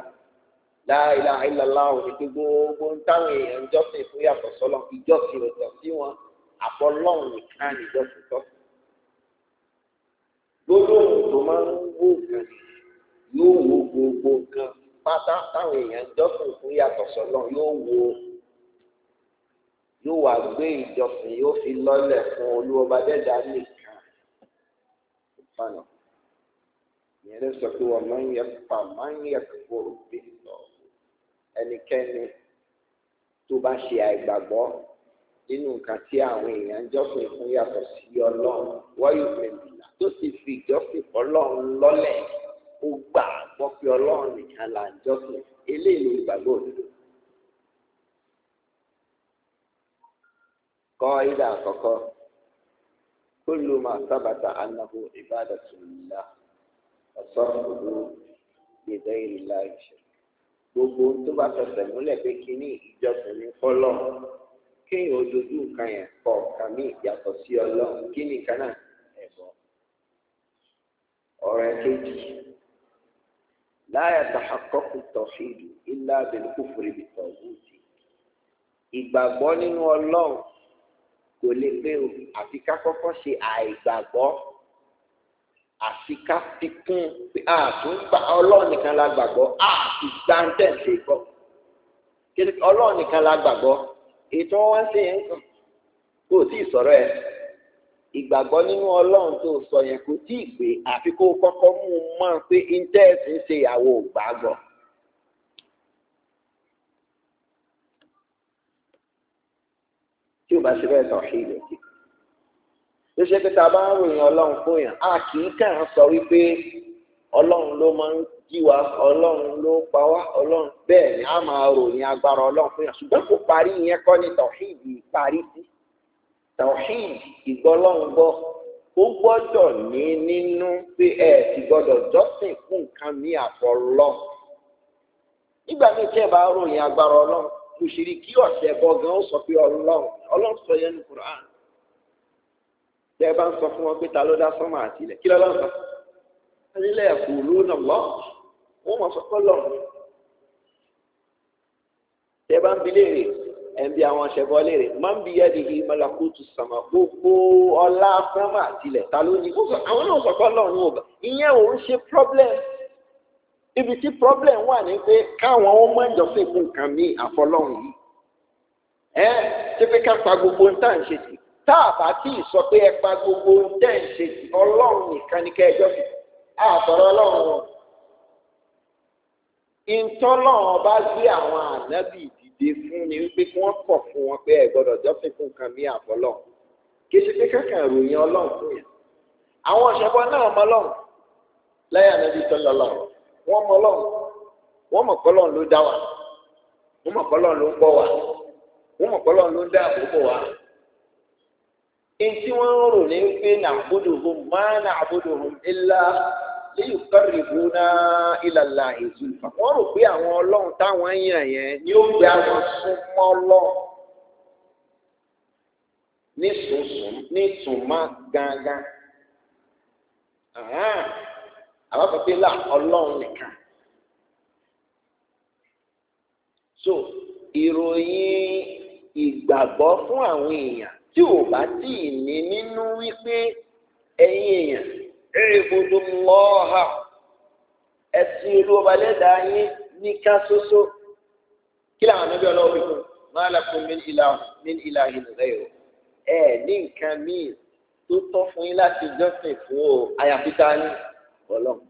láìláha ìlàlá ò ní gbogbo ń táwọn èèyàn jọ́sìn fún yàtọ̀ sọ́lọ́ ìjọ́sìn ọ̀tọ̀ sí wọn àpọ̀lọ́hùn nìkan ìjọ́sìn tọ́sí gbólóhùn tó máa ń wò kan yóò wo gbogbo nǹkan pátá táwọn èèyàn jọ́sìn fún yàtọ̀ sọ́nà yóò wo yóò wá gbé ìjọsìn yóò fi lọ́lẹ̀ fún olúwọba dẹ́dá nìkan ìpanà ìyẹn lè sọ pé wọ́n máa ń yẹ pa máa ń yẹ kúrò bí ẹnikẹ́ni tó bá ṣe àìgbàgbọ́ nínú nǹkan tí àwọn èèyàn jọ́sìn fún yàtọ̀ sí ọlọ́run wáyé ìpènìyà tó sì fi ìjọ́sìn ọlọ́run lọ́lẹ̀ ó gbà gbọ́ pé ọlọ́run nìkan là ń jọ́sìn eléyìí ló gbàgbọ́ òdodo. kọ́ ilé àkọ́kọ́ kullu ma sábàtà annahu ibadatullah ọ̀sọ́fùdú gbèdé ìlà ìṣẹ̀lẹ̀ gbogbo tó bá fẹsẹ̀ múlẹ̀ pé kínní ìjọsìn ní fọ́lọ́run kéèyàn dojú nǹkan yẹn kọ nǹkan míì yàtọ̀ sí ọlọ́run kí nìkan náà ẹ̀bọ. ọ̀rọ̀ kejì láyà tàhàkọ́kù tọ̀fíìdù ilá abẹ́lẹ́kùfùrì bìtọ̀ wùdì. ìgbàgbọ́ nínú ọlọ́run kò lè pé o àfi ká kọ́kọ́ ṣe àìgbàgbọ́ àfi ká fi kún pé àtúntà ọlọ́run nìkan la gbàgbọ́ àti gbàǹtẹ̀ ṣe gbọ́ ọlọ́run nìkan la gbàgbọ́ ètò wọn ṣe yẹn kàn kò tí ì sọ̀rọ̀ ẹ̀ ìgbàgbọ́ nínú ọlọ́run tó sọ yẹn kò tí ì pé àfi kó kọ́kọ́ mú un mọ́ pé íńtẹ́ẹ̀sì ń ṣe ìyàwó ògbàgbọ́. tí o bá ṣe bẹ́ẹ̀ tàn ṣe ìlẹ̀kì. ló ṣe pé tá a bá ń ròyìn ọlọ́run fún yàn a kì í kàn sọ wípé ọlọ́run ló máa ń jí wa ọlọ́run ló pa wá ọlọ́run bẹ́ẹ̀ ni a máa ròyìn agbára ọlọ́run fún yàn ṣùgbọ́n kò parí ìyẹn kọ́ ni tọ̀híìdì parí sí tọ̀híìdì ìgbọ́lọ́run gbọ́ ó gbọ́dọ̀ ní nínú pé ẹ ti gbọ́dọ̀ jọ́sìn fún nǹkan ní àpọ̀ lọ. nígbà míì tẹ́ bá ròyìn agbára ọlọ́run kò rí kí ọ̀sẹ̀ bọ́ gan ó sọ pé ọlọ́run ọlọ́run sọ yẹn ní Kùrán tẹ́ bá ń sọ fún wọn pé ta ló dá sánmà àtìlẹ̀ kí lọ́lọ́run sọ fún nílẹ̀ ẹ̀kọ́ lónà lọ wọ́n mọ̀ sọ pé lọ́rùn tẹ bá ń bi léèrè ẹnbi àwọn aṣẹbọ léèrè máa ń bi yẹ́dì yìí malakutu sàmà gbogbo ọlá sàmà tilẹ̀ ta ló ní àwọn náà sọ pé lọ́rùn ò bá ìyẹn ò ń ṣe problem ibi tí problem wà ní pé káwọn ó mọ ìjọsìn fún nǹkan mi àfọlọ́run yìí ẹ ṣé pé ká pa gbogbo ń tà ń ṣe sí tá a bá tí ì sọ pé ẹ pa gbogbo ń tẹ̀ ń ṣe sí ọlọ́run nìkan ní kẹ́ sí. àtọ̀rọ̀ ọlọ́run ìtọ́lọ́run bá gbé àwọn ànábì ìdìde fún wípé kí wọ́n kọ̀ wọn pé ẹ gbọ́dọ̀ kan kí ṣe pé kankan ìròyìn ọlọ́run fún yẹn àwọn ọ̀ṣọ́gbọ́n náà mọ ọlọ́run lẹ́yìn ànábì tọ́lọ́ ọlọ́run wọ́n mọ ọlọ́run wọ́n mọ̀ ló dá wa wọ́n mọ̀ ló ń bọ́ wa wọ́n mọ̀ ló ń dá léyìí kọ́rin ìbúná ìlàlà èyí. wọ́n rò pé àwọn ọlọ́run táwọn yàn yẹn ni ó gbé àwọn súnmọ́ lọ nísùnsùn nítùmọ̀ gangan. àwọn kan pé là ọlọ́run nìkan. so ìròyìn ìgbàgbọ́ fún àwọn èèyàn tí ò bá tí ì ní nínú wípé ẹ̀yin èèyàn. اعبدوا الله ẹ̀sìn olúwa lẹ́dàá yín ní ká ṣoṣo kí làwọn ànábì ọlọ́wọ́ wí fún ma lakum min ilahin ghayru ẹ̀ ní nǹkan míì tó tọ́ fún yín láti jọ́sìn fún o àyàfi tá ní ọlọ́run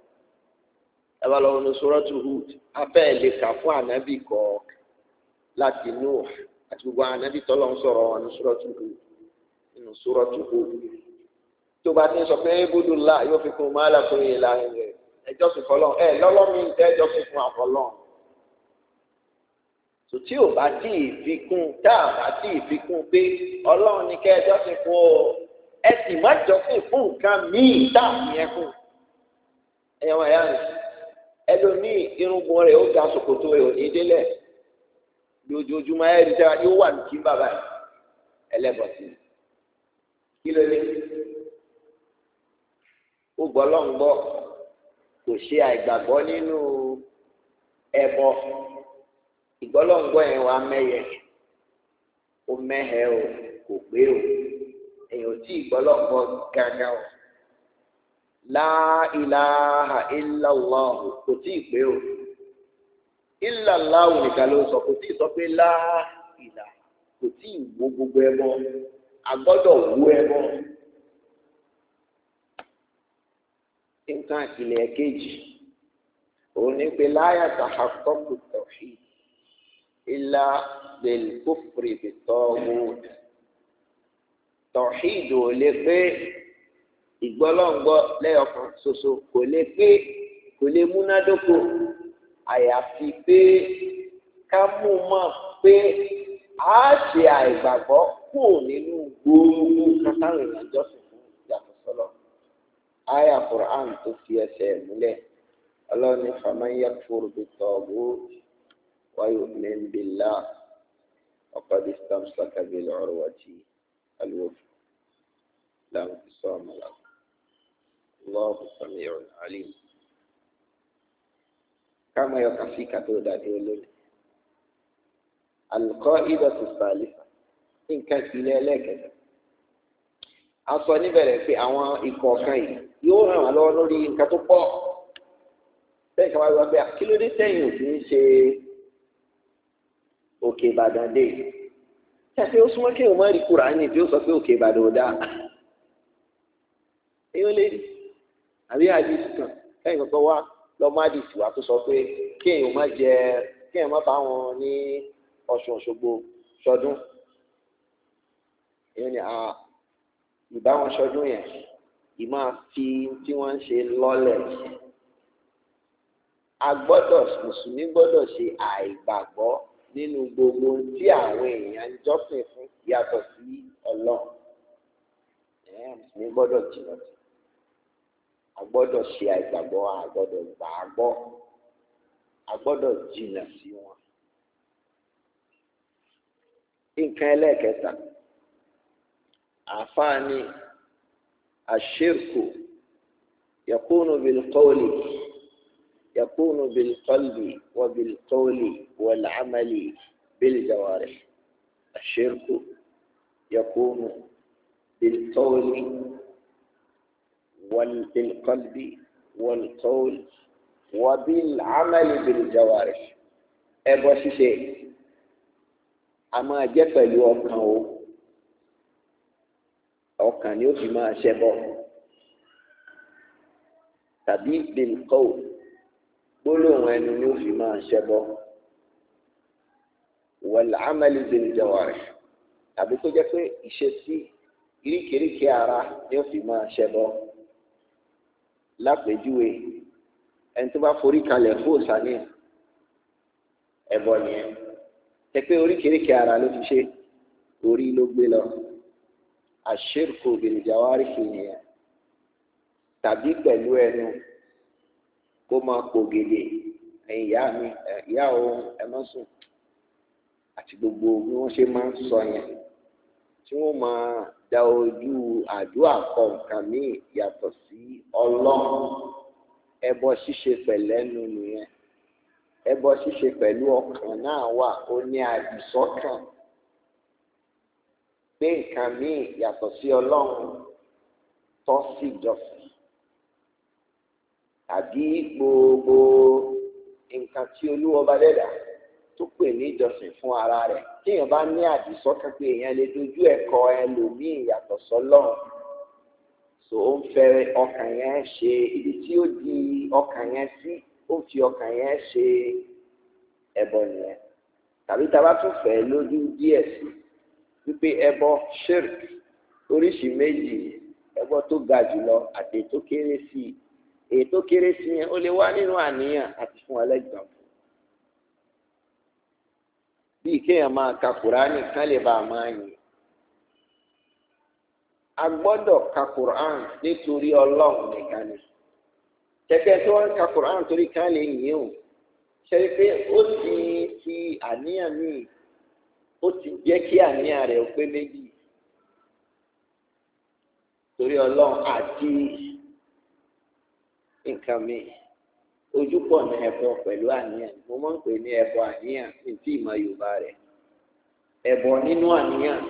ẹ bá lọ́wọ́ ní suratu Hud afẹ́ lè kà fún ànábì kọ̀ọ̀kan láti Nuh àti gbogbo ànábì tọ́lọ́ ń sọ̀rọ̀ ní suratu Hud nínú suratu Hud tó bá ti ń sọ pé búdú ńlá yóò fi kún máa làkúrò yìí láàrin rẹ ẹjọ́ sì fọlọ́n ẹ lọ́lọ́mí ń tẹ́jọ́ fi kún àfọlọ́n tò tí ò bá tí ì fi kún tá a bá tí ì fi kún pé ọlọ́run ní kẹjọ́ sì fún ọ ẹ sì má jọ fún fún nǹkan míì tá a fi yẹn kún ẹ̀yàn wọn ẹ̀yà rẹ ẹlòmíì irungun rẹ ó ga ṣòkòtò rẹ ò délẹ̀ lójoojúmọ́ ẹ̀rí ẹ̀ ẹlẹ́bọ̀sí kí ó gbọ́ lọ́ngbọ́ kò ṣe àìgbàgbọ́ nínú ẹbọ ìgbọ́lọ́ngbọ́ yẹn wà mẹ́yẹ ó mẹ́hẹ o kò pé o èèyàn tí ìgbọ́lọ́ngbọ́ gángan o láìláha ìlàláhù kò tí ì pé o ìlàláhù nìkan ló sọ kò tí ì sọ pé láìláha kò tí ì wo gbogbo ẹbọ a gbọ́dọ̀ wo nǹkan àtìlẹ̀ kejì òun ní pé láyà tàhàkọ́kù tọ̀fì ilá bẹ̀lkófìrì bìtọ́wọ́d tọ̀fì ìdò lè pé ìgbọ́lọ́ngbọ́ lẹ́yọ̀kan ṣoṣo kò lè pé kò lè múnádóko àyàfi pé ká mú mọ̀ pé a ṣe àìgbàgbọ́ kù nínú gbogbo kátàrin ìjọsìn aya quran tó fi ẹsẹ̀ múlẹ̀ ọlọ́run ní faman yakfur bit-taghut wa yu'min billah faqad istamsaka bil-urwati al-wuthqa la infisama lahu Allahu sami'un alim kama yọkàfíkà tó dàdé olóde al-qa'idatu as-salifa nǹkan ìpìlẹ̀ ẹlẹ́kẹ̀ẹ́ta a sọ níbẹ̀rẹ̀ pé àwọn ikọ̀ kan yìí yóò ràn wá lọ́wọ́ lórí nǹkan tó pọ̀ bẹ́ẹ̀ kan wá wá pé kí ló dé sẹ́yìn ò fi ń ṣe òkè ìbàdàn dé ṣàfi ó súnmọ́ kí èèyàn má rí kúránì tí ó sọ pé òkè ìbàdàn ò dáa èèyàn lè rí àbí àdìsí kan kẹ́yìn kankan wá lọ́ọ́ má dìsí wá tó sọ pé kí èèyàn má jẹ kí èèyàn má bá wọn ní Ọ̀ṣun Òṣogbo ṣọdún èèyàn ni ìbáwọn ṣọdún yẹn ìmọ̀ fi tí wọ́n ń ṣe lọ́lẹ̀ a gbọ́dọ̀ mùsùlùmí gbọ́dọ̀ ṣe àìgbàgbọ́ nínú gbogbo tí àwọn èèyàn ń jọ́sìn fún yàtọ̀ sí ọlọ́run ẹ̀yìn mùsùlùmí gbọ́dọ̀ jìnnà sí a gbọ́dọ̀ ṣe àìgbàgbọ́ a gbọ́dọ̀ gbàgbọ́ a gbọ́dọ̀ jìnnà sí wọn. nǹkan ẹlẹ́ẹ̀kẹta àfáà ni. الشرك يكون بالقول يكون بالقلب وبالقول والعمل بالجوارح الشرك يكون بالقول وبالقلب والقول وبالعمل بالجوارح أبو سيسي أما máa jẹ ọkàn ni ó fi máa ṣẹbọ tàbí bilqawl gbólóhùn ẹnu ni ó fi máa ṣẹbọ wal amali bil jawarih tàbí kó jẹ́ pé ìṣesí iríkèéríkè ara ni ó fi máa ṣẹbọ lápèjúwe ẹni tó bá forí kalẹ̀ fún òsàní ẹ̀bọ nìyẹn tẹ pé ara ló fi ṣe orí ló gbé lọ àṣírkù bìrìjàwárí kìnìyàn tàbí pẹ̀lú ẹnu kó máa pògèdè ẹ̀yìn ìyá mi ìyá òun ẹ̀mọ́ sùn àti gbogbo bí wọ́n ṣe máa ń sọ yẹn tí wọ́n máa da ojú àdúrà kọ nǹkan míì yàtọ̀ sí ọlọ́run ẹbọ ṣíṣe pẹ̀lẹ́nu nìyẹn ẹbọ ṣíṣe pẹ̀lú ọkàn náà wà ó ní àdìsọ́kàn pé nǹkan míì yàtọ̀ sí ọlọ́run tó sì jọ́sìn àbí gbogbo nǹkan tí olúwọba dẹ́dà tó pè ní ìjọsìn fún ara rẹ̀ téèyàn bá ní àdìsọ́kàn pé èèyàn lè dojú ẹ̀kọ́ ẹlòmíì yàtọ̀ sọ́lọ́run so ó ń fẹ́ ọkàn yẹn ṣe ibi tí ó di ọkàn yẹn sí ó fi ọkàn yẹn ṣe ẹbọ nìyẹn tàbí tá a bá tún fẹ́ lójú díẹ̀ sí i wípé ẹbọ shirk oríṣìí méjì ẹbọ tó ga jùlọ àti èyí tó kéré sí i èyí tó kéré sí yẹn ó lè wá nínú àníyàn àti fún ẹlẹgbàá bíi kéèyàn máa ka kùránì kán lè bá a máa yìn a gbọ́dọ̀ ka kùránì nítorí Ọlọ́run nìkan ni kẹkẹ tí wọn ń ka kùránì torí kán lè yìn o ṣe é pé ó ti ti àníyàn míì. ó ti jẹ́ kí àníyàn rẹ̀ ó méjì torí ọlọ́run àti nǹkan mi ojúpọ̀ ní ẹbọ pẹ̀lú àníyàn mo máa ń pè ní ẹbọ àníyàn ní tí ìmọ̀ yorùbá rẹ̀ ẹbọ nínú àníyàn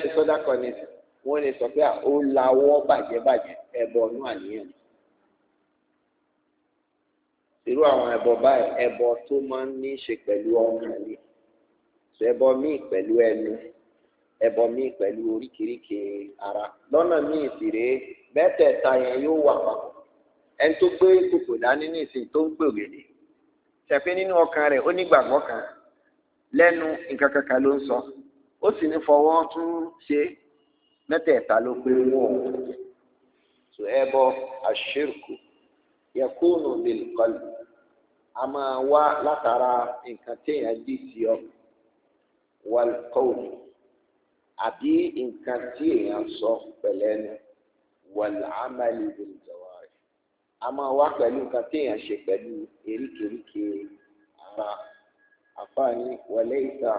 ṣe sọ́dá kan wọ́n lè irú àwọn ẹbọ báyìí ẹbọ tó máa ń ní í ṣe pẹ̀lú ọkàn ni so ẹbọ míì pẹ̀lú ẹnu ẹbọ míì pẹ̀lú oríkèéríkè ara lọ́nà míì sì rèé mẹ́tẹ̀ẹ̀ta yẹn yóò wà papọ̀ ẹni tó gbé kòkò dání ní ìsìn tó ń gbògèdè ṣẹ̀pé nínú ọkàn rẹ̀ ó kan lẹ́nu nǹkan kankan ló ń sọ ó sì ní fọwọ́ tún ṣe mẹ́tẹ̀ẹ̀ta ló pé wọ́n so ẹbọ àṣírkù a máa wá látara nǹkan téèyàn dì sí ọ wàlùkọ́ọ̀lù àbí nǹkan tí èèyàn sọ pẹ̀lẹ́ nu wàlùhámàlì ìdòlùjọ̀wá rẹ̀ a máa wá pẹ̀lú nǹkan téèyàn ṣe pẹ̀lú eríkèríkè ara àfààní wọlé ìta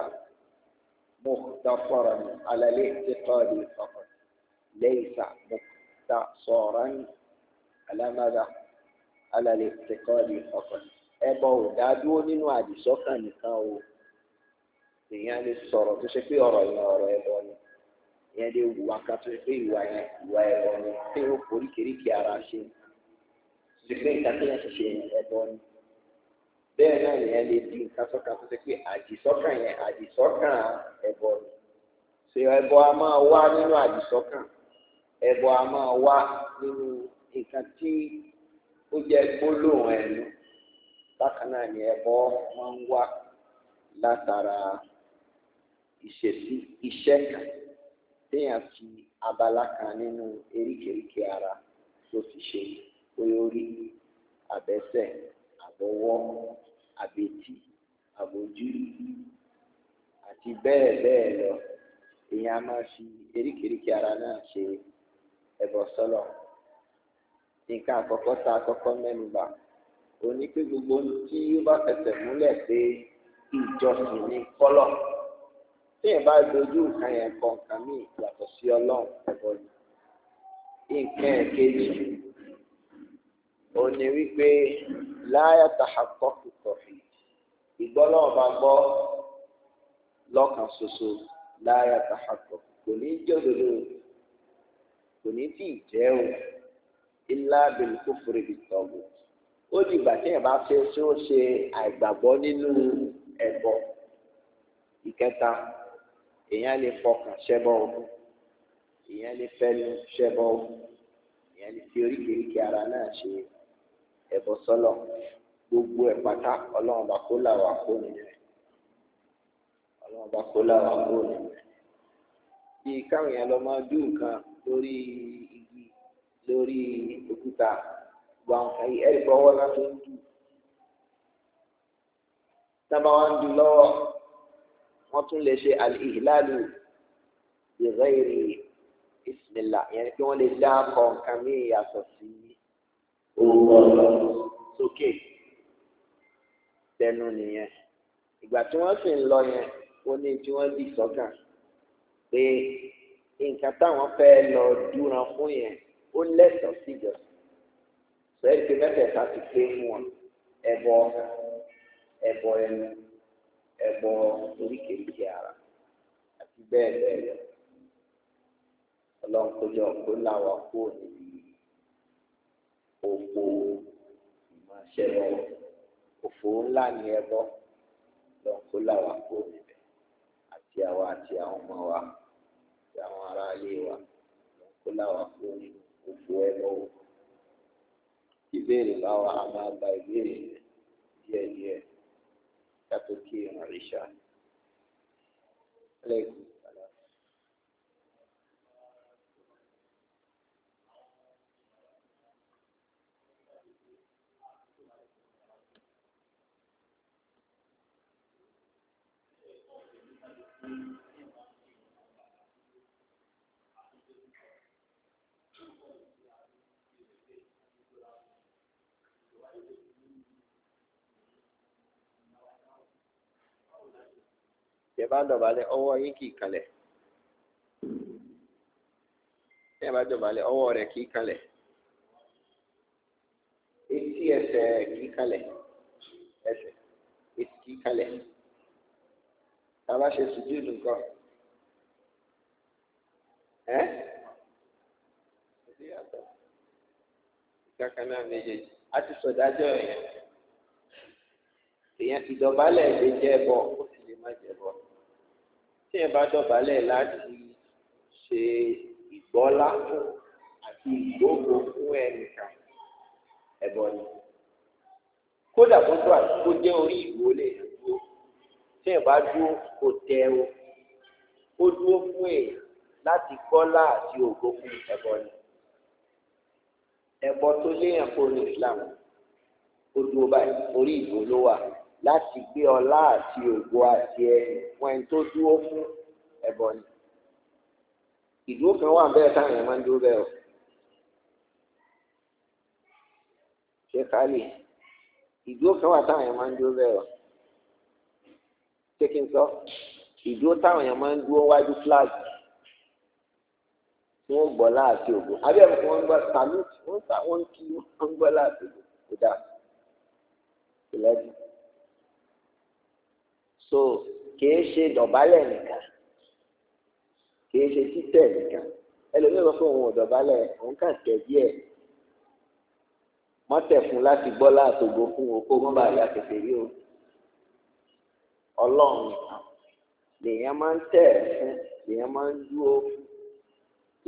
مختصرا على الاعتقاد فقط ليس مختصرا على ماذا على الاعتقاد فقط ẹbọ ò dá dúró nínú àdìsọ́kàn nìkan o èèyàn lè sọ̀rọ̀ tó ṣe pé ọ̀rọ̀ yẹn ọ̀rọ̀ ẹbọ ni ìyẹn lè wùwà kan tó ṣe pé ìwà yẹn ìwà ẹbọ ni pé ó foríkèríkè ara ṣe ṣe pé nǹkan tó yẹn ṣe ṣe ẹbọ ni bẹ́ẹ̀ náà ìyẹn lè di nǹkan sọ́kà tó ṣe pé àdìsọ́kàn yẹn àdìsọ́kàn ẹbọ ni ṣe ẹbọ a máa wá nínú àdìsọ́kàn ẹbọ a máa wá nínú nǹkan tí ó jẹ gbólóhùn ẹnu bákan náà ni ẹbọ máa ń wá látara ìṣesí iṣẹ́ kan téèyàn fi abala kan nínú eríkèéríkè ara tó fi ṣe olórí abẹ́sẹ̀ àbọ̀wọ́ àbètì àbòjú àti bẹ́ẹ̀ bẹ́ẹ̀ lọ èèyàn máa fi eríkèéríkè ara náà ṣe ẹbọ sọlọ nǹkan àkọ́kọ́ tá a kọ́kọ́ mẹ́nu òní pé gbogbo tí ó bá fẹsẹ̀ múlẹ̀ pé ìjọsìn ní kọ́lọ̀ tí ẹ̀ bá dojú nǹkan yẹn kọ nǹkan míì yàtọ̀ sí ọlọ́run ẹ̀bọ ni nǹkan ẹ̀ kejì òní wípé láyà tàhàkọ́ kùtọ̀ ìgbọ́lọ́wọ́ bá gbọ́ lọ́kàn ṣoṣo láyà tàhàkọ́ kò ní jọ́dọ̀dọ̀ kò ní tí ì jẹ́ o ilá bẹ̀rù kófòrè bìtọ̀ ó di ìgbà tí èèyàn bá fẹ́ tí ó ṣe àìgbàgbọ́ nínú ẹbọ ìkẹta èèyàn lè fọkàn ṣẹbọ èèyàn lè fẹnu ṣẹbọ èèyàn lè fi oríkèéríkèé ara náà ṣe ẹbọ sọlọ gbogbo ẹ pátá Ọlọ́run bá kó làwà kó nínú ẹ Ọlọ́run bá kó làwà kó nínú ẹ bí káwọn èèyàn lọ máa dún nǹkan lórí igi lórí òkúta gbogbo àwọn kàyí ẹ̀rí gbọ́wọ́ láti ń dù tábà wá ń dù lọ́wọ́ wọ́n tún lè ṣe al-ihlalu bi ghairi ismillah ìyẹn pé wọ́n lè dá kọ̀ọ̀kan mí ìyàtọ̀ sí orúkọ sókè tẹnu nìyẹn ìgbà tí wọ́n sì ń lọ yẹn ó ní tí wọ́n dì sọ́kàn pé nǹkan táwọn fẹ́ lọ dúran fún yẹn ó lẹ́tọ̀ọ́ sí ìjọsìn bẹ́ẹ̀ ti mẹ́tẹ̀ẹ̀ta ti pé fún wọn ẹbọ ẹbọ ẹnu ẹbọ oríkèéríkèé ara àti bẹ́ẹ̀ bẹ́ẹ̀ lọ ọlọ́run kó jọ kó láwa kó níbi òpó ìmọ̀ọ́ṣẹ́ lọ́wọ́ òfò ńlá ni ẹbọ lọ́n kó láwa kó níbẹ̀ àti àwa àti àwọn ọmọ wa àti àwọn ará wa lọ́n kó láwa kó nínú òfò ẹbọ òkú ìbéèrè bá wà á máa gba ìbéèrè díẹ̀ díẹ̀ kátó kí ìrìn àríṣà. tẹ bá dọ̀bálẹ̀ ọwọ́ yín kì í kalẹ̀ tẹ bá dọ̀bálẹ̀ ọwọ́ rẹ̀ kì í kalẹ̀ etí ẹsẹ̀ kì í kalẹ̀ ẹsẹ̀ etí kì náà méjèèjì a tí ẹ bá dọ̀bálẹ̀ láti ṣe ìgbọ́lá fún àti ìgbógun fún ẹnìkan ẹ̀bọ ni kódà kó tó àtúkó jẹ́ orí ìwò lè dúró tí ẹ bá dúró kò tẹ o ó dúró fún èèyàn láti gbọ́lá àti ògo fún ẹ̀bọ ni ẹ̀bọ tó léèyàn kó ní Islam ó dúró báyìí orí ìwò ló wà. láti gbé ọlá àti ògo àti ẹ̀yìn fún ẹni tó dúró fún ẹbọ ni ìdúró kan wà bẹ́ẹ̀ táwọn èèyàn máa ń dúró bẹ́ẹ̀ o ṣé kálí ìdúró kan wà táwọn èèyàn máa ń dúró bẹ́ẹ̀ o ṣé kí n sọ ìdúró táwọn èèyàn máa ń dúró wájú fúláàgì tí wọ́n gbọ́ láàfin ògo abẹ́rẹ́ fún wọn gbọ́ salute wọ́n sá wọn kí wọ́n gbọ́ láàfin ògo kódà ìlẹ́dùn. so kìí ṣe dọ̀bálẹ̀ nìkan kìí ṣe títẹ̀ nìkan ẹlòmíràn fún òun ọ̀dọ̀bálẹ̀ òun kà tẹ̀ díẹ̀ mọ́tẹ̀ fún láti gbọ́ láàtògbò fún òkú mọ́ba àyà kẹfẹ́ rí o ọlọ́run nìkan lèèyàn máa ń tẹ̀ fún lèèyàn máa ń dúró fún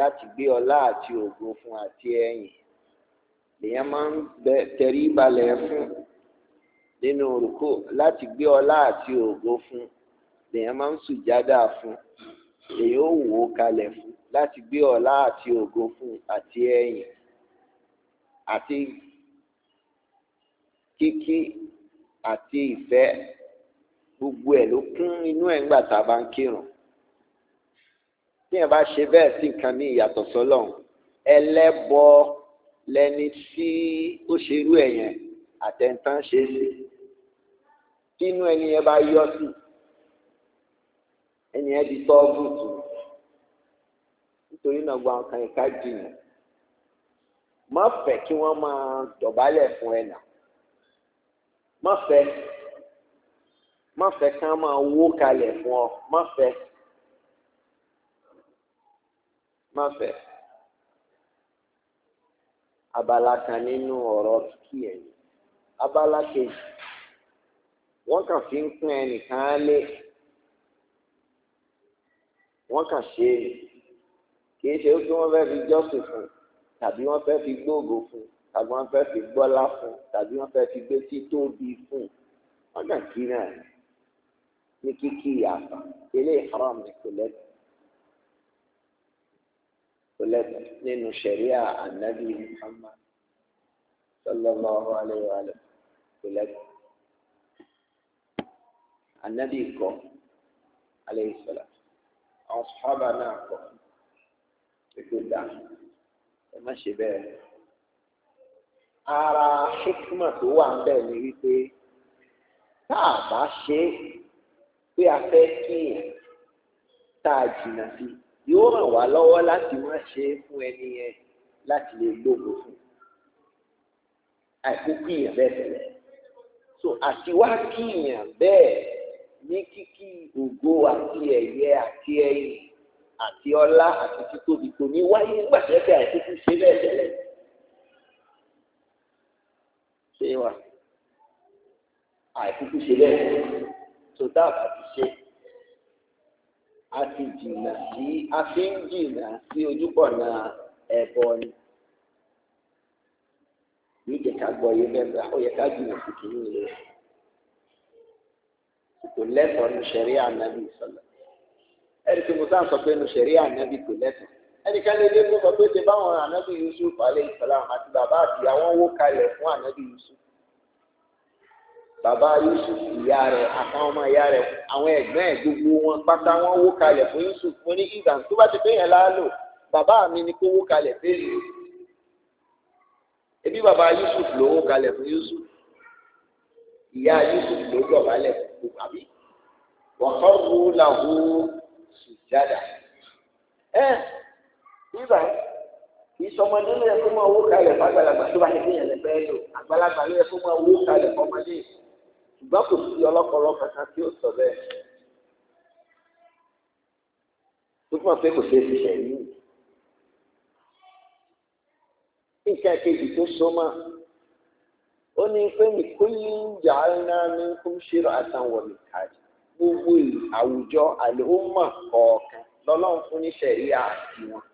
láti gbé ọlá àti ògo fún àti ẹ̀yìn lèèyàn máa ń tẹrí balẹ̀ fún nínú rúkú láti gbé ọlá àti ògo fún lèèyàn máa ń sùjádà fún lèèyàn ó wò ó kalẹ̀ fún láti gbé ọlá àti ògo fún àti ẹ̀yìn àti kíkí àti ìfẹ́ gbogbo ẹ̀ ló kún inú ẹ̀ ńgbà tá a bá ń kírun tí ẹ̀ bá ṣe bẹ́ẹ̀ sí nǹkan ní ìyàtọ̀ sọ́lọ́run ẹlẹ́bọ lẹni tí ó ṣerú ẹ̀ yẹn àtẹ̀ntàn ṣe é sí tí inú ẹni yẹn bá yọ sí ẹni yẹn di tọ́gùtù nítorí náà gba nǹkan ìka jìnnà má fẹ́ kí wọ́n máa dọ̀bálẹ̀ fún ẹ nà má fẹ́ má fẹ́ kí máa wó kalẹ̀ fún ọ má fẹ́ má fẹ́ abala kan nínú ọ̀rọ̀ kíkì ẹ̀yìn abala kejì wọ́n kàn fi ń pín ẹnìkan lé wọ́n kàn ṣe é kì í ṣe pé wọ́n fẹ́ fi jọ́sìn fún tàbí wọ́n fẹ́ fi gbóògó fún tàbí wọ́n fẹ́ fi gbọ́lá fún tàbí wọ́n fẹ́ fi gbé títóbi fún wọ́n kàn kí náà ní kíkí ìyàtọ̀ ilé haram ní kò lẹ́tọ̀ kò lẹ́tọ̀ nínú ṣẹ̀ríà ànábì Muhammad sallallahu alayhi wa sallam kò ànábì kọ́ alayhi salam àwọn sọ́hábà náà kọ́ ètò dá ẹ má ṣe bẹ́ẹ̀. ara ṣíkímà tó wà ń bẹ̀ ni wípé tá a bá ṣe é pé a fẹ́ kíyàn tá a jìnnà sí yóò ràn wá lọ́wọ́ láti má ṣe fún ẹni yẹn láti lè gbógun fún àìkú kíyàn bẹ́ẹ̀ tẹ̀lé so àti wá kíyàn bẹ́ẹ̀ ní kíkí ògo àti ẹ̀yẹ àti ẹ̀yìn àti ọlá àti títóbi tó ní wáyé nígbà tẹ́tẹ́ àìsíkú ṣe bẹ́ẹ̀ tẹ́lẹ̀. ṣé wà àìsíkú ṣe bẹ́ẹ̀ sọdá àti ṣe a ti jìnnà sí a fi ń jìnnà sí ojúbọ̀ náà ẹ̀bọ ni yóò jẹ́ ká gbọ́ yé mẹ́ta ó yẹ ká jìnnà sí kìnìún rẹ̀ kò lẹ́tọ̀ọ́ nu sẹ̀rí ànábì sọ̀lọ̀ ẹ̀rí tí mo sá sọ pé nu sẹ̀rí ànábì kò lẹ́tọ̀ọ́ ẹnìkan lè dé mo sọ pé ṣe báwọn ànábì Yusuf alayhi salam àti bàbá àti àwọn wó kalẹ̀ fún ànábì Yusuf bàbá Yusuf ìyá rẹ̀ àtàwọn ọmọ ìyá rẹ̀ àwọn ẹ̀gbọ́n ẹ̀ gbogbo wọn pátá wọn wó kalẹ̀ fún Yusuf fún ní ìgbà tó bá ti pé yẹn láálò bàbá mi ni kó wó kalẹ̀ béèrè ebi bàbá Yusuf ló kalẹ̀ fún Yusuf ìyá Yusuf ló gbọ̀ balẹ̀ fún kú àbí wàkọ́rù làwù sùjádà ẹ ibà ìsọmọdé ló yẹ kó máa wó kalẹ̀ fàgbàlagbà tó bá yẹ kó yẹn lẹ lò àgbàlagbà ló yẹ kó máa wó fọmọdé ṣùgbọ́n kò sí ọlọ́pọlọ kankan tí ó sọ bẹ́ẹ̀ tó fún wa pé kò ṣeé ṣiṣẹ́ yìí nǹkan kejì tó so máa ó ní pé nìkúlì ń jà ńlá ní kúmṣírò àtàwọn mìkàjì gbogbo àwùjọ àlùmọ kọ̀ọ̀kan lọ́lọ́run fún níṣẹ́ ìyá àti wọn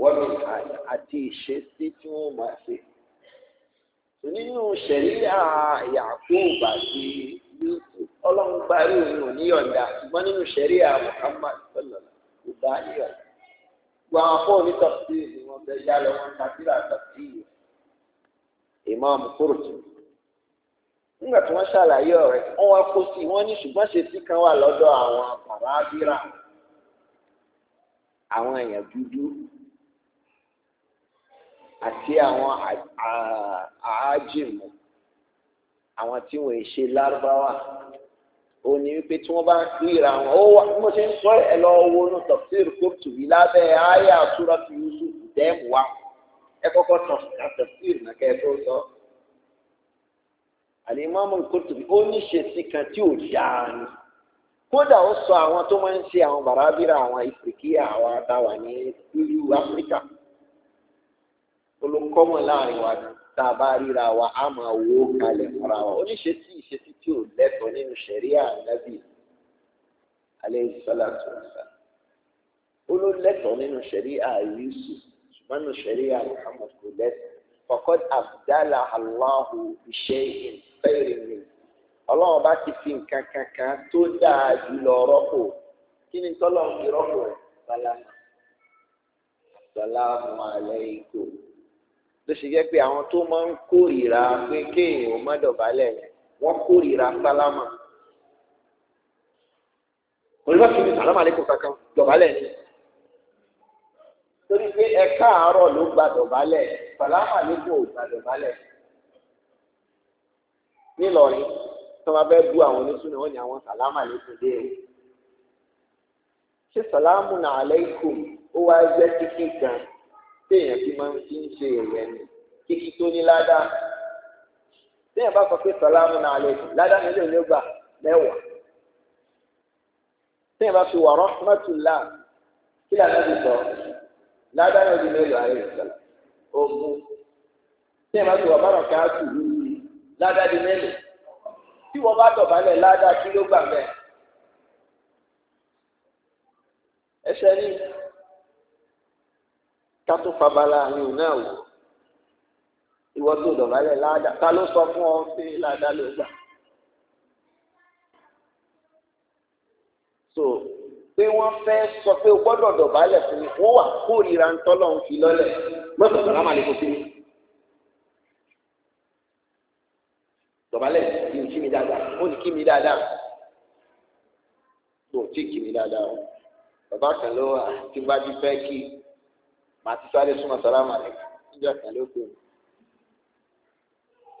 wọn mìkàjì àti ìṣesí tí wọn máa ṣe nínú ṣẹ̀ríà Yakub àti Yusuf ọlọ́run parí òun ò ní yọ̀ǹda ṣùgbọ́n nínú ṣẹ̀ríà Muhammad sọlọ́lá kò dá yọ̀ǹda gbogbo àwọn ni wọ́n fẹ́ yá lọ wọn tàbí rà yìí. Imam kurti, nígbà tí wọ́n ṣàlàyé ọ̀rẹ́ wọ́n wá kó sí wọ́n ní ṣùgbọ́n ṣe tí kan wà lọ́dọ̀ àwọn bàbá abira àwọn èèyàn dúdú àti àwọn àájìmù àwọn tí wọ́n ṣe lárúbáwá ó ní wípé tí wọ́n bá ń ríra wọn ó wà bí mo ṣe ń sọ ẹ lọ wo inú tafsir Qurtubi lábẹ́ àyà Suratu Yusuf dẹ́mu wa ẹ kọ́kọ́ tàn kàtà sí ìrìnà kẹtọ sọ àlìmọ́mù Qurtubi ó ní ṣèṣì kan tí ò dáa ni kódà ó sọ àwọn tó máa ń ṣe àwọn bàrábìrà àwọn ìfìkíyà àwọn àtàwà ní ìlú Áfíríkà olùkọ́mọ̀ láàrin wa tá a bá ríra wa á máa wó kalẹ̀ fúnra wa oníṣẹ́sí ìṣesí tí ò lẹ́tọ̀ọ́ nínú ṣẹ̀ríà nábì alayhi salatu wassalam olólẹ́tọ̀ọ́ nínú ṣẹ̀ríà Yusuf ṣùgbọ́n ní ṣẹ̀ríà Muhammad kò lẹ́sìn fọkọ́d abdala aláhu iṣẹ́ ìfẹ́rẹ̀ mi ọlọ́run bá ti fi nǹkan kankan tó dáa jùlọ rọ́pò kí ni tọ́lọ̀ ń fi rọ́pò rẹ̀ sálámà sálámù aláìkò ló ṣe jẹ́ pé àwọn tó máa ń kórìíra pé kéèyàn ò má dọ̀bálẹ̀ yẹn wọ́n kórìíra sálámà olùbáṣepọ̀ sálámà aláìkò kankan dọ̀bálẹ̀ ni torí pé ẹ̀ka àárọ̀ ló gbàdọ̀ balẹ̀ sàlámà nígbò gbàdọ̀ balẹ̀ nílọrin tí wọn bẹ bú àwọn onísùnà wọn ni àwọn sàlámà nígbò dé o ṣé sàlámù nà aláìkùm ó wá jẹ́ kíkí gan téèyàn fi máa ń fi ń ṣe èèyàn ni kíkí tó ní ládàá téèyàn bá sọ pé sàlámù nà aláìkùm ládàá nílé ò ní gbà mẹ́wàá téèyàn bá fi wà rahmatullah kí lànà ti sọ. ládàá yóò di ayé ìsọlá ogún tí ìmọ̀ tó wà bá rọ̀ká tù ú ládàá di mélòó tí wọ́n bá dọ̀bálẹ̀ ládàá kí ló gbà mẹ́ ẹsẹ̀ ní kátó fabala yóò náà wò ìwọ́n tó dọ̀bálẹ̀ ládàá ta ló sọ fún ọ pé ládàá ló gbà. pé wọ́n fẹ́ sọ pé o gbọ́dọ̀ dọ̀bálẹ̀ fún mi wọ́n wà kórìíra ń tọ́lọ̀ ń fi lọ́lẹ̀ mọ́tò sàlámà lè kó sí mi. dọ̀bálẹ̀ kì í kí mi dáadáa ó ní kí mi dáadáa tó tí kì mi dáadáa o bàbá kan ló wà tí bá ti fẹ́ kí màá ti sáré súnmọ́ sàlámà lè níjọ́ kan ló pè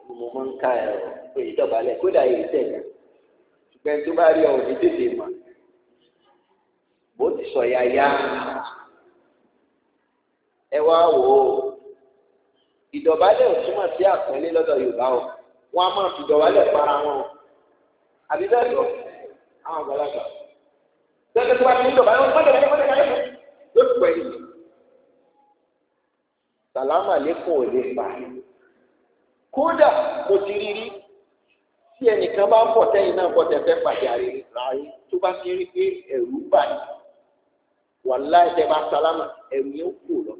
mí mo máa ń ká ẹ̀rọ pé ìdọ̀bálẹ̀ kódà èyí tẹ̀ ṣùgbọ́n tó bá rí ọ̀ ní tètè mọ̀ bó ti sọ ya ya ẹ wá wò ó ìdọ̀bálẹ̀ ò túmọ̀ sí àpọ́nlé lọ́dọ̀ Yorùbá o wọn a máa fi ìdọ̀bálẹ̀ para wọn o àbí bẹ́ẹ̀ lọ àwọn àgbàlagbà lọ́dọ̀ tí wọ́n ti ń dọ̀bálẹ̀ wọn kọ́lẹ̀ kọ́lẹ̀ kọ́lẹ̀ kọ́lẹ̀ yóò pẹ̀ yìí sàlámù àlékún ò lè fà kódà mo ti rí rí tí ẹnìkan bá ń bọ̀ tẹ́yìn náà bọ̀ tẹ́fẹ́ pàdé ráyé tó bá ti rí pé ẹ̀rù bà wàláì tẹ bá sálámà ẹ̀rù yẹn kù lọ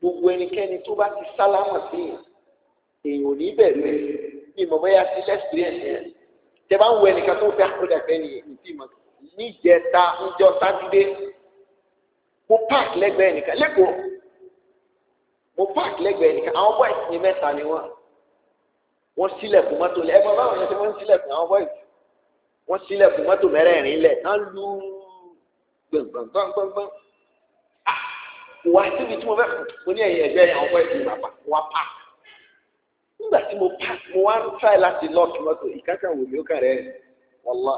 gbogbo ẹnikẹ́ni tó bá ti sálámà sí yẹn èèyàn ò ní bẹ̀rẹ̀ bí mo bá yà sí experience yẹn tẹ bá ń wọ ẹnìkan tó fẹ́ àkọ́dà fẹ́ nìyẹn nìtì mọ́ níjẹta ńjọ sátidé mo park lẹ́gbẹ̀ẹ́ ẹnìkan lẹ́kọ̀ọ́ mo park lẹ́gbẹ̀ẹ́ ẹnìkan àwọn boys ní mẹ́ta ni wọ́n wọ́n sílẹ̀kùn mọ́tò lẹ́ ẹ mọ báwọn yẹn tí wọ́n sílẹ̀kùn àwọn boys wọ́n sílẹ̀kùn mọ́tò mẹ́rẹ̀ẹ̀rin lẹ̀ náà lu gbọ̀ngbọ̀ngbọ̀ngbọ̀ngbọ̀n ah! wà síbi tí mo fẹ́ mo ní ẹ̀yìn ẹ̀gbẹ́ àwọn ọmọ ẹ̀sìn bàbá wa pa nígbà tí mo pa mo wá ń try láti lọ́ọ̀ kí mọ́tò ìkákà wò mí ó kà rẹ̀ wọ́lá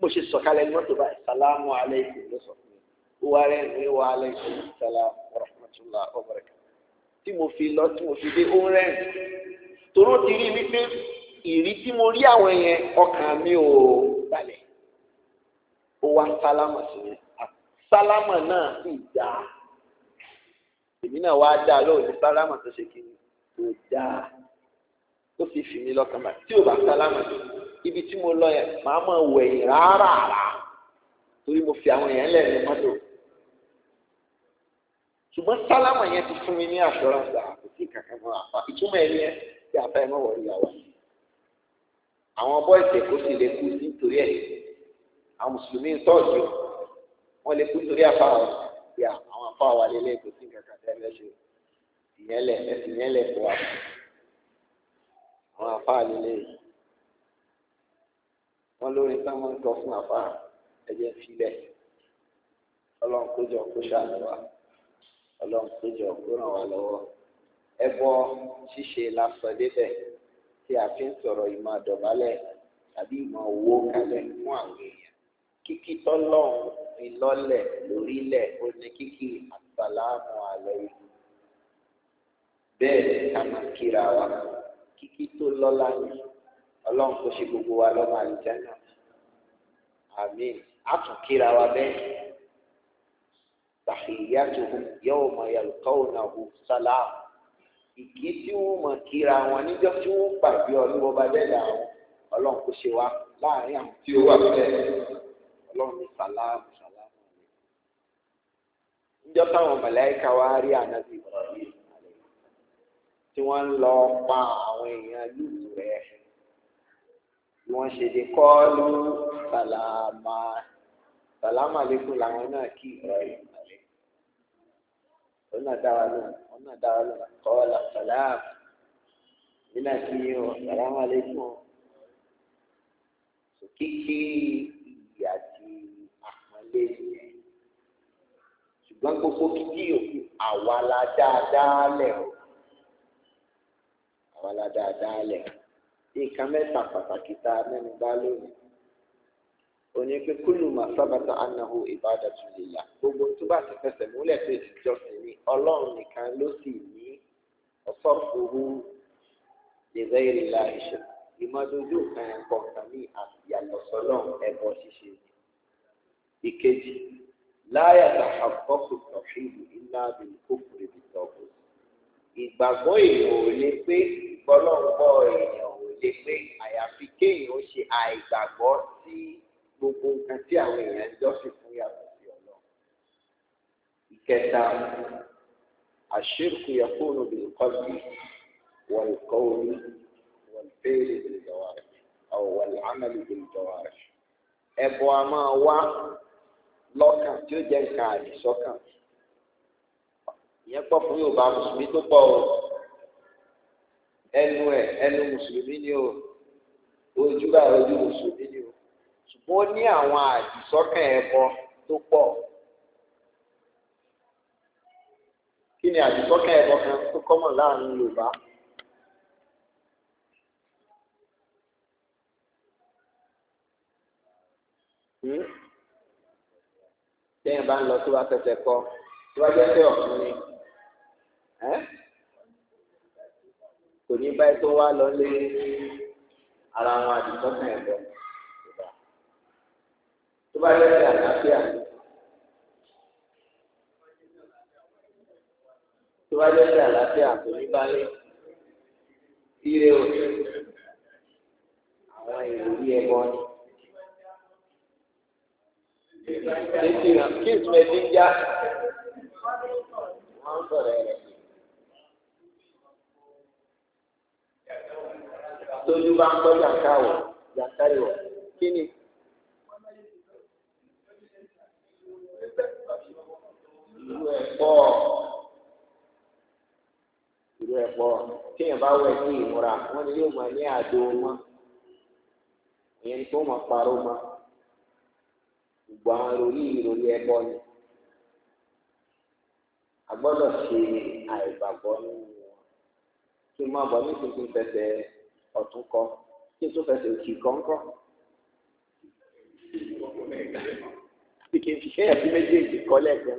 mo ṣe sọ̀kalẹ̀ ní mọ́tò báyìí sàlámù aláìkùm ló sọ fún mi ó wá rẹ̀ ní wà aláìkùm sàlámù rahmatullah ọ̀bẹ̀rẹ̀ tí mo fi lọ tí mo fi dé ó ń rẹ̀ toró ti rí mi pé ìrí tí mo rí àwọn yẹn ọkàn mi ò balẹ̀ ó wá sálámù sí mi sálámà náà sì dá èmi náà wá dá lóòótọ́ sálámà tó ṣe kí n ò dá tó fi fi mí lọ́kàn bá tí ò bá sálámà ibi tí mo lọ yẹn màá mọ̀ wẹ̀yìn rárá torí mo fi àwọn èèyàn lẹ́nu mọ́tò ṣùgbọ́n sálámà yẹn ti fún mi ní assurance àpò tí kankan mọ́ àpá ìtumọ̀ ẹni yẹn tí àpá ẹ̀ mọ̀ wọ̀ ìyàwó àwọn bọ́ọ̀sì èkó sì lè kú nítorí ẹ̀ àwọn mùsùlùmí ń tọ́jú wọ́n lè kú sórí àfa àwọn ìyá àwọn àfa wà lélẹ̀ kò sí nǹkan kan tẹ́lẹ̀ ṣe ìyẹ́lẹ̀ ẹ̀sìn ìyẹ́lẹ̀ kò wà àwọn àfa lélẹ̀ wọ́n lórí táwọn ń tọ́ fún àfa ẹ̀jẹ̀ filẹ̀ ọlọ́run kójọ kó ṣàánú wa ọlọ́run kójọ kó ràn wá lọ́wọ́ ẹbọ ṣíṣe lásán débẹ̀ tí a fi ń sọ̀rọ̀ ìmọ̀ àdọ̀bálẹ̀ tàbí ìmọ̀ owó kalẹ̀ fún àwọn èèyàn kíkí tọ́lọ́hún fi lọ́lẹ̀ lórílẹ̀ ó ní kíkí àsàlámù aláìkùm bẹ́ẹ̀ ni ká máa kíra wa kíkí tó lọ́lá ni ọlọ́run kò ṣe gbogbo wa lọ́mọ àlùjáná àmín àtún kíra wa bẹ́ẹ̀ tàhíyàtuhum yawma yalqawnahu sàlámù ìkí tí wọ́n mọ̀ kíra wọn níjọ́ tí wọ́n pàdé ọlọ́wọ́ bá dẹ́dà wọn ọlọ́run kò ṣe wa láàrin àwọn tí ó wà bẹ́ẹ̀ lọ́run ní sàlámù sàlámù rẹ̀. níjọ́ táwọn màláíkà wá rí ànábì Ibrahim tí wọ́n ń lọ pa àwọn èèyàn lùtù rẹ̀ wọ́n ṣe lè kọ́ ló sàlámà sàlámà lẹ́kùn làwọn náà kí Ibrahim àlẹ́. wọ́n náà dára lóhùn wọ́n náà dára lóhùn kọ́ la sàlámù nínú àti yín sàlámà lẹ́kùn kíkí ìyà gbé yẹn ṣùgbọ́n gbogbo kíkí òkú àwa la dáadáa lẹ̀ o àwa la dáadáa lẹ̀ nǹkan mẹ́ta pàtàkì tá a mẹ́nu bá lónìí òní pé kúlù máa sábàtà anahu ìbádàtú lillah gbogbo tó bá ti fẹsẹ̀ múlẹ̀ pé ìjọsìn ni ọlọ́run nìkan ló sì ní ọ̀sọ́fòrú lèzẹ́ ìrìnlá ìṣẹ̀ ìmọ̀dójú kan ẹ̀kọ́ kan ní àtìyàlọ́sọ́lọ́run ẹ̀bọ ṣíṣe ni ìkejì láyà tàhàkọ́kù tọ̀ṣìlù ilá àbíkófùrì bìtọ̀kù ìgbàgbọ́ èèyàn ò lè pé ìgbọ́lọ́gbọ́ èèyàn ò lè pé àyàfi kéèyàn ó ṣe àìgbàgbọ́ sí gbogbo nǹkan tí àwọn èèyàn ń jọ́sìn fún yàtọ̀ sí ọlọ́run ìkẹta àṣírkù yakúrò bìkọ́lì wọ̀lùkọ́wọ́lù wọ̀lùfẹ́ẹ̀lì bìlìjọ́wárì ọ̀wọ̀lùhámẹ́lì bìlìjọ́wárì ẹ̀bùn a máa wá lọ́kàn tí ó jẹ́ nǹkan àdìsọ́kàn ìyẹn pọ̀ fún Yorùbá mùsùlùmí tó pọ̀ o ẹnu ẹ̀ ẹnu mùsùlùmí ni o ojú ojú mùsùlùmí ni o ṣùgbọ́n ó ní àwọn àdìsọ́kàn ẹ̀bọ tó pọ̀ kí ni àdìsọ́kàn ẹ̀bọ kan tó kọ́mọ̀ láàrin Yorùbá. Hmm? téèyàn bá ń lọ tó bá fẹsẹ̀ kọ tó bá jẹ́ pé ọ̀fun ni kò ní báyìí tó wá lọ lé ara wọn àdìsọ́ kan ẹ̀fọ́ tó bá jẹ́ pé àlàáfíà tó bá jẹ́ pé àlàáfíà kò ní bá lé ire o àwọn ìrírí ẹ̀kọ́ ni. Èsì rà kí ìtumẹ̀ ti ń já. Wọ́n ń sọ̀rọ̀ ẹ̀rẹ̀ sí. Tójú bá ń kọ́ jàǹkáwọ̀, jàǹkáwọ̀, kí ni? Irú ẹ̀ pọ̀. Irú ẹ̀ pọ̀. bá wẹ̀ sí ìmúra, wọ́n ní yóò máa ní àdó wọn. Ìyẹn ni kó parọ́ máa. gbogbo àwọn ìròyìn ìròyìn ni a gbọ́dọ̀ ṣe àìgbàgbọ́ nínú wọn kí n máa bọ̀ ní tuntun fẹsẹ̀ ọ̀tún kọ kí n tún fẹsẹ̀ òkì kọ́ńkọ́ bí kí méjèèjì kọ́ náà ni kò lẹ́tọ̀ọ́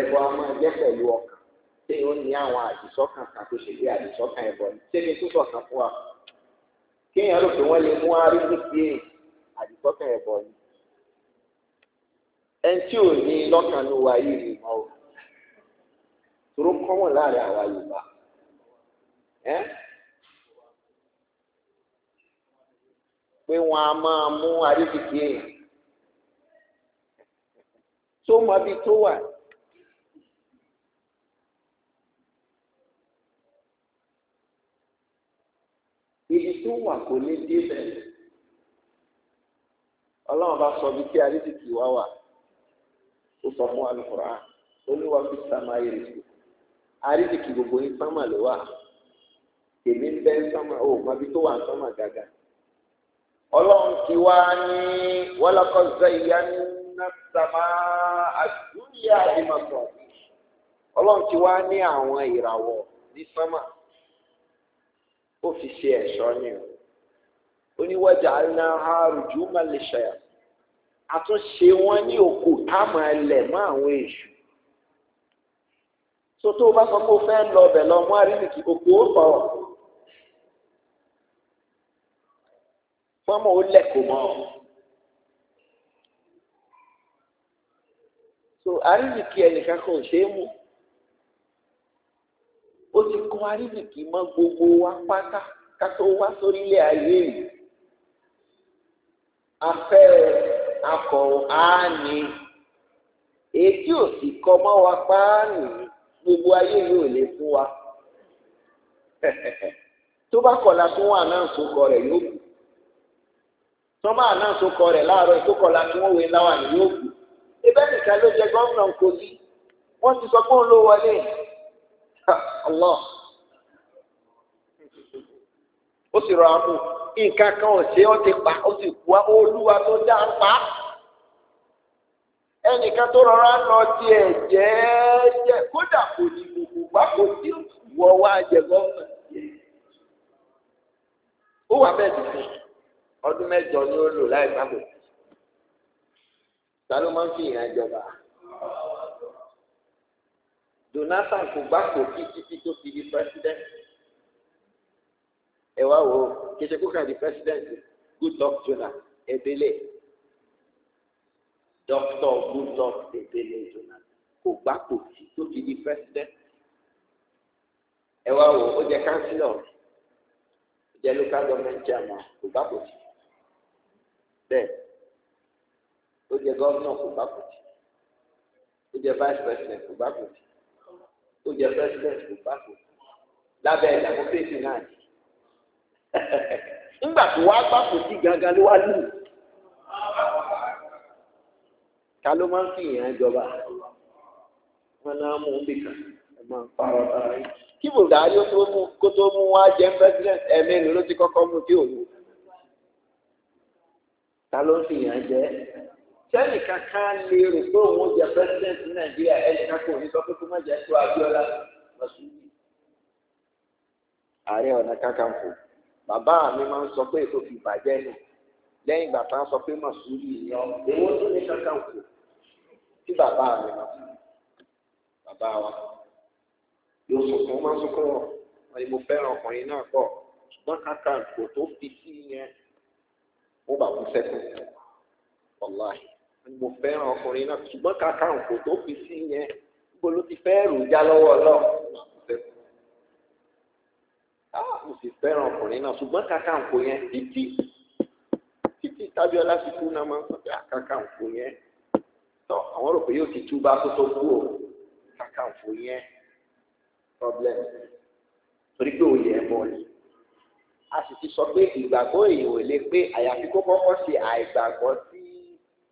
ẹbọ a máa jẹ́ pẹ̀lú ọkàn tí ó ní àwọn àdìsọ́kàn kan tó ṣe ni tún sọ̀kan fún kéèyàn rò pé wọ́n lè mú arígbó sí èyí àdìsọ́kàn ẹ̀bọ ni ẹni tí ò ní lọ́kàn ló wà yìí lè mọ́ o tòró kọ́mọ̀ láàrin àwa Yorùbá ẹ́ pé wọ́n á máa mú arígbó sí èyí tó mọ ibi tó wà tó wà kò ní débẹ̀ ọlọ́run bá sọ bí kí arísìkì wá wà ó sọ fún alukura olúwa fi sàmà arísìkì gbogbo ní sámà ló wà tèmi ń bẹ sámà ó má bí tó wà sámà gàgà ọlọ́run ti wá ní wọ́lọ́kọ́ zẹ́yà ní sàmà àdúyà ìmọ̀tọ̀ ọlọ́run ti ó fi ṣe ẹ̀ṣọ́ ni o oníwájà iná àrùjú máa lè ṣàyà àtúnṣe wọn ní òkú táwọn ẹlẹ̀ mọ́ àwọn èṣù tó tó o bá sọ pé o fẹ́ lọ ọbẹ̀ lọ mú àríwìtì òkú ó bọ̀ fọ́mọ̀ ó lẹ̀kọ̀ mọ́ ọ. so àríwìtì ẹnìkan ṣeé mú ó ti kọ́ arísìkì mọ́ gbogbo wa pátá ká tó wá sórílẹ̀ ayé yìí afẹ́ akọ̀ áání èyí ò sì kọ́ mọ́ wa páàní gbogbo ayé yìí ò lè fún wa tó bá kọ̀la tó wà náà sókọ rẹ̀ yóò kù tọ́mọ àná sókọ rẹ̀ láàárọ̀ ìkókọ̀la tí wọ́n wé láwà ní yóò kù ebẹ́ nìkan ló jẹ gómìnà Kogi wọ́n ti sọ pé òun ló wọlé Allah ó sì rọra mú nǹkan kan ọ̀sẹ̀ ó ti pa ó sì kú olúwa tó dá ń pa ẹnìkan tó rọra lọ kódà kò ní gbogbo gbà kò sí wọ wá wà bẹ́ẹ̀ tó fún ni ó lò láì ta ló ìrìn àjọba. Jonathan kò gbàgbọ́ kí títí tó fi di president ẹ wá wò ó kéṣe kó kàn di president Goodluck Jonah Ebele Dr. Goodluck Ebele Jonah kò gbàgbọ́ kí tó fi di president ẹ wá wò ó jẹ councillor ó jẹ local government chairman kò gbàgbọ́ kí bẹ́ẹ̀ ó jẹ governor kò gbàgbọ́ kí ó jẹ vice president kò gbàgbọ́ kí. ó jẹ president kò bá kò lábẹ́ ìdàgbàsókè náà ụwa tó wá gbà kò sí gangan ló wá lù ta ló máa ń fi ìyàn jọba náà mú un bìkan ẹ máa ń kí bùdárí ó tó mú kó tó mú wá jẹ president ló ti kọ́kọ́ tí òun ta sẹ́ni kankan lè rò pé òun jẹ pẹ́sidẹ́ntì nàìjíríà ẹni kankan òní sọ pé kó má jẹ́ tó abíọ́lá lọ́sùnmí. ààrẹ ọ̀nà kakanfò bàbá mi máa ń sọ pé ètò fi bàjẹ́ nù lẹ́yìn ìgbà tá a sọ pé màsúlì ni ọ èwo tó ní kakanfò tí bàbá mi máa fi bàbá wa yóò sọkún máa sọkún wọn wọn ni mo fẹ́ràn ọkùnrin náà pọ̀ ṣùgbọ́n kakanfò tó fi sí yẹn ó bà kú sẹ́kù wàláhì mo fẹ́ràn ọkùnrin náà ṣùgbọ́n kàkà nǹkó tó fi sí yẹn níbo ló ti fẹ́ ròjà lọ́wọ́ ọlọ́run ah, mo sì fẹ́ràn ọkùnrin náà ṣùgbọ́n kàkà nǹkó yẹn títí títí tábíọ́lá fi kú náà máa ń sọ pé àkàkà ah, nǹkó yẹn tọ àwọn rò pé yóò ti túbá kó tó kú o kàkà nǹkó yẹn problem torí pé òye ẹ̀ bọ̀ ni a sì ti sọ pé ìgbàgbọ́ èèyàn ò lè pé àyàfi kó kọ́kọ́ ṣe àìgbàgbọ́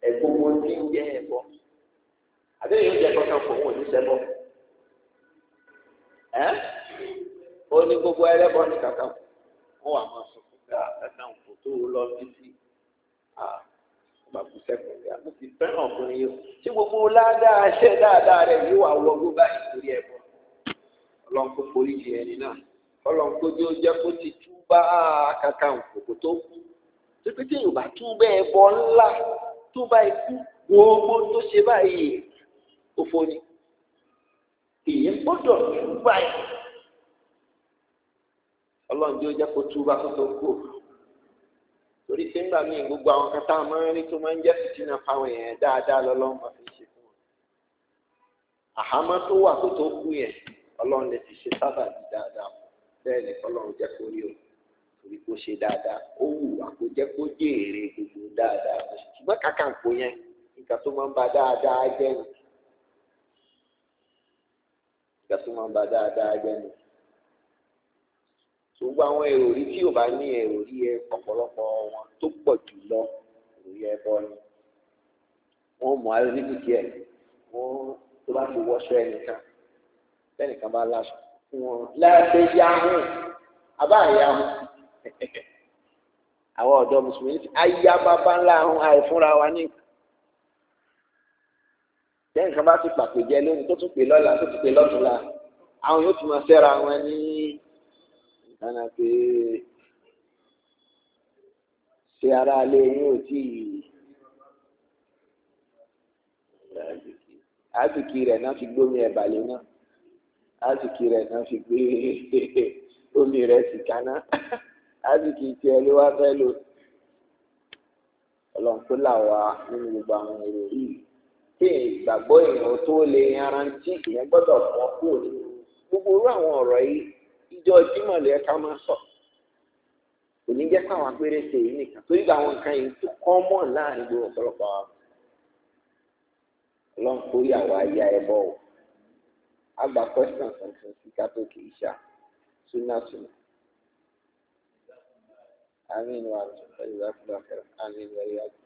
ẹ̀gbogbo ti ń jẹ ẹ̀bọ àbẹ́rẹ́ yóò jẹ kankan fún òun ò ní sẹ́bọ ẹ́ ó ní gbogbo ẹlẹ́bọ ní kankan fún wọn wà máa sọ fún gbà kankan fún tó lọ títí bàbá sẹ́kọ̀ọ́ ní àbúrò ti fẹ́ràn ọkùnrin yìí tí gbogbo ládàá ṣẹ́ dáadáa rẹ̀ yóò wà wọ gbogbo àyè torí ẹ̀bọ ọlọ́run kó forí ẹni náà ọlọ́run kó jẹ́ kó ti tú bá kankan fún kò tó kú tó pété yorùbá tú bẹ́ẹ̀ bọ́ ńlá tó bá ikú wo owó tó ṣe báyìí òfò ni èyí gbọ́dọ̀ tú báyìí ọlọ́run yóò jẹ́ kó tú bá kó tó kú torí pé ńgbà míì gbogbo àwọn kan tá a máa ń rí tó máa ń jẹ́ fìtínà fáwọn èèyàn dáadáa lọ́lọ́run máa fi ṣe fún wọn àhámọ́ tó wà kó tó kú yẹn ọlọ́run lè ti ṣe sábà di dáadáa bẹ́ẹ̀ ni ọlọ́run jẹ́ kó rí òun torí kó ṣe dáadáa ó wù wá kó jẹ́ kó jèrè gbogbo dáadáa ṣùgbọ́n kàkàǹkò yẹn nǹkan tó máa ń ba dáadáa jẹ́ nù nǹkan tó máa ń ba dáadáa jẹ́ nù gbogbo àwọn èrò rí tí ò bá ní èrò rí ẹ ọ̀pọ̀lọpọ̀ wọn tó pọ̀ jù lọ èrò rí bọ́ ni wọ́n mọ̀ ayọ̀ níbi díẹ̀ wọ́n tó bá fi wọ́ṣọ ẹnìkan tẹ́nìkan bá láṣọ fún wọn láti yahun àbá yahun. àwọn ọ̀dọ́ mùsùlùmí ti ayá bàbá ńlá ahun àìfúnra wa ní. lẹ́yìn kan bá ti pàpèjẹ lónìí tó tún pè lọ́la tó tún pè lọ́túnla àwọn yóò tún máa fẹ́ra wọn ní ìdáná pé ṣé ara alẹ́ yín ò tí ì àásìkì rẹ̀ náà fi gbómi ẹ̀bà náà àásìkì rẹ̀ náà fi gbé omi rẹ̀ sì kaná. ábìkì tiẹ̀ ló wá fẹ́ lò ọlọ́run kó là wá nínú gbogbo àwọn èrò yìí tí ìgbàgbọ́ èèyàn tó lè yanrantí ìyẹn gbogbo irú àwọn ọrọ yìí ìjọ jímọ̀ lè ká máa sọ kò ní jẹ́ káwọn péréte nìkan torí àwọn nǹkan yìí tó ya ẹ kan آمين وأرجو الآخرة آمين وإياكم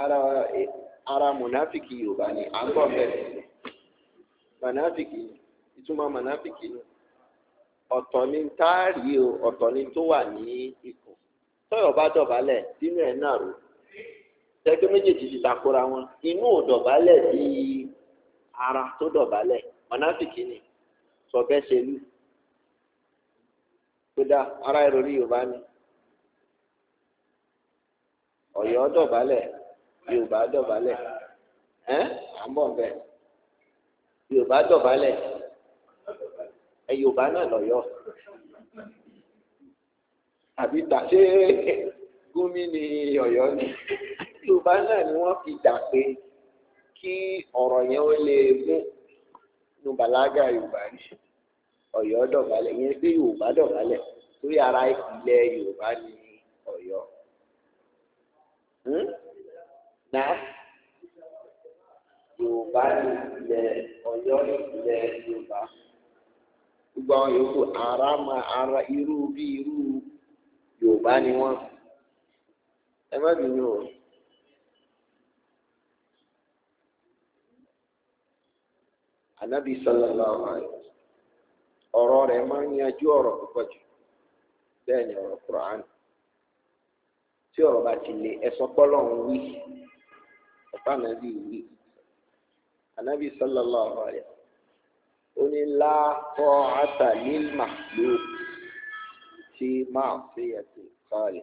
ara ara mọ̀náfìkì yorùbá ni à ń bọ̀ bẹ́ẹ̀ ni ọ̀tọ̀ ni o ọ̀tọ̀ ni tó wà ní ikùn tọ́yọ̀ bá dọ̀bálẹ̀ nínú ẹ̀ náà rò tẹ́gbẹ́ méjèèjì ti takora wọn inú ò dọ̀bálẹ̀ ara tó dọ̀bálẹ̀ munafiki ni sọ̀bẹ́ ṣe lù ara ìròrí yorùbá ni ọ̀yọ́ dọ̀bálẹ̀ yorùbá dọ̀bálẹ̀ ẹ́ à ń bọ̀ bẹ́ẹ̀ yorùbá dọ̀bálẹ̀ ẹ yorùbá náà lọ́yọ̀ àbí tà ṣé gúnmí ni ọ̀yọ́ ni yorùbá náà ni wọ́n fi dà pé kí ọ̀rọ̀ yẹn ó lè mú nu bàlágà yorùbá ni ọ̀yọ́ dọ̀bálẹ̀ yẹn pé yorùbá dọ̀bálẹ̀ torí ara ilẹ̀ yorùbá ni ọ̀yọ́. Hmm? na yorùbá ilẹ̀ ọ̀yọ́ ilẹ̀ yòókù ara ma ara irú bí irú yorùbá ni wọ́n ẹ má bínú o. anabi sallallahu alayhi wa sallam ọ̀rọ̀ rẹ̀ máa ń yanjú ọ̀rọ̀ púpọ̀ jù bẹ́ẹ̀ ni ọ̀rọ̀ tí ọ̀rọ̀ bá ọ̀pá nàbí wí ànábì sallallahu alaihi ó ní láàpọ̀ àtàlíl makhluq tí máa fi ẹ̀sìn kọ́ọ̀lì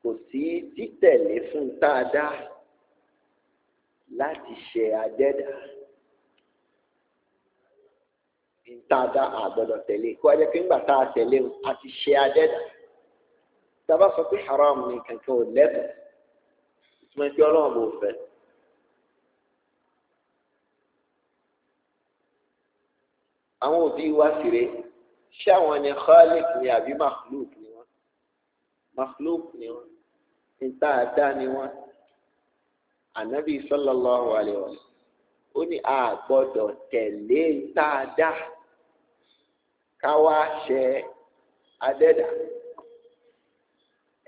kò sí títẹ̀lé fún táadá láti ṣe àjẹ́dá ntaada àgbọ́dọ̀ tẹ̀lé kó a jẹ́ pé ńgbà tá a tẹ̀lé o a ti ṣe àjẹ́dá tá a bá sọ pé haram ni kankan ò lẹ́tọ̀ọ́. ìtumọ̀ ìpè ọlọ́run bò fẹ́. àwọn òbí wa sire ṣé àwọn ni khalik ni àbí makhluk ni wọn makhluk ni wọn níta àdá ni wọn ànábì sallallahu alaihi wasallam ó ní a gbọ́dọ̀ tẹ̀lé níta àdá káwá ṣe adẹ́dà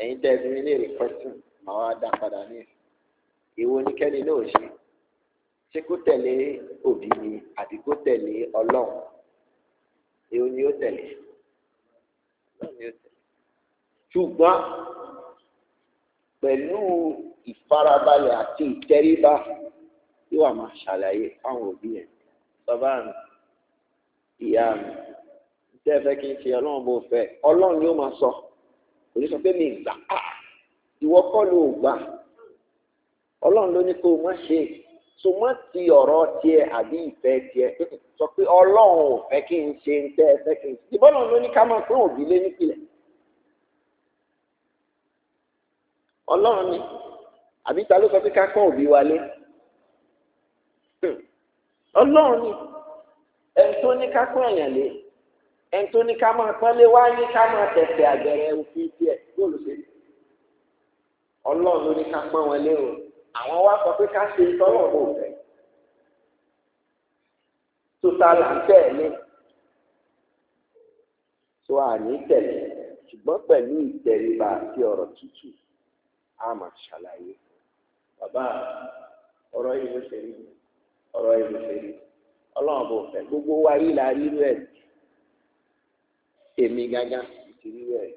ẹ̀yin tẹ́ ẹ fi mí léèrè question màá wá dá padà ní ìsìn èwo ni kẹ́ni náà ṣe ṣé kó tẹ̀lé òbí ni àbí kó tẹ̀lé ọlọ́run èwo ni ó tẹ̀lé ṣùgbọ́n pẹ̀lú ìfarabalẹ̀ àti ìtẹríba yóò wà máa ṣàlàyé fáwọn òbí yẹn bàbá mi ìyá mi tẹ́ ẹ fẹ́ kí n ṣe ọlọ́run bó fẹ́ ọlọ́run ni ó máa sọ kò ní sọ pé mi gbà á ah! ìwọ kọ́ ló gbà á ọlọ́run ló ní kó o má ṣe so má ti ọ̀rọ̀ tiẹ̀ àbí ìfẹ́ tiẹ̀ sọ pé ọlọ́run ò fẹ́ kí n ṣe ń tẹ́ ẹ fẹ́ kí n ṣe ìbọn náà ló ní ká máa pín òbí lé nípìnlẹ̀ ọlọ́run ni àbí ta ló sọ pé ká pín òbí wa lé ọlọ́run ni ẹni tó ní ká pín èèyàn lé ẹni tó ní ká máa pín lé wá ní ká máa tẹ̀sẹ̀ àgẹ̀rẹ̀ òfin tiẹ̀ yóò ọlọ́run ló ní ká pín wọn lé o àwọn wá sọ pé ká ṣe tọ́lọ̀ bò fẹ́ tó ta là ń tẹ̀lé tó àní tẹ̀lé ṣùgbọ́n pẹ̀lú ìtẹríba àti ọ̀rọ̀ tútù a máa ṣàlàyé bàbá ọ̀rọ̀ yìí ló ṣe rí ọ̀rọ̀ yìí ló ṣe rí ọlọ́run bò fẹ́ gbogbo wa yìí la rí rẹ̀ èmi gángan ti rí rẹ̀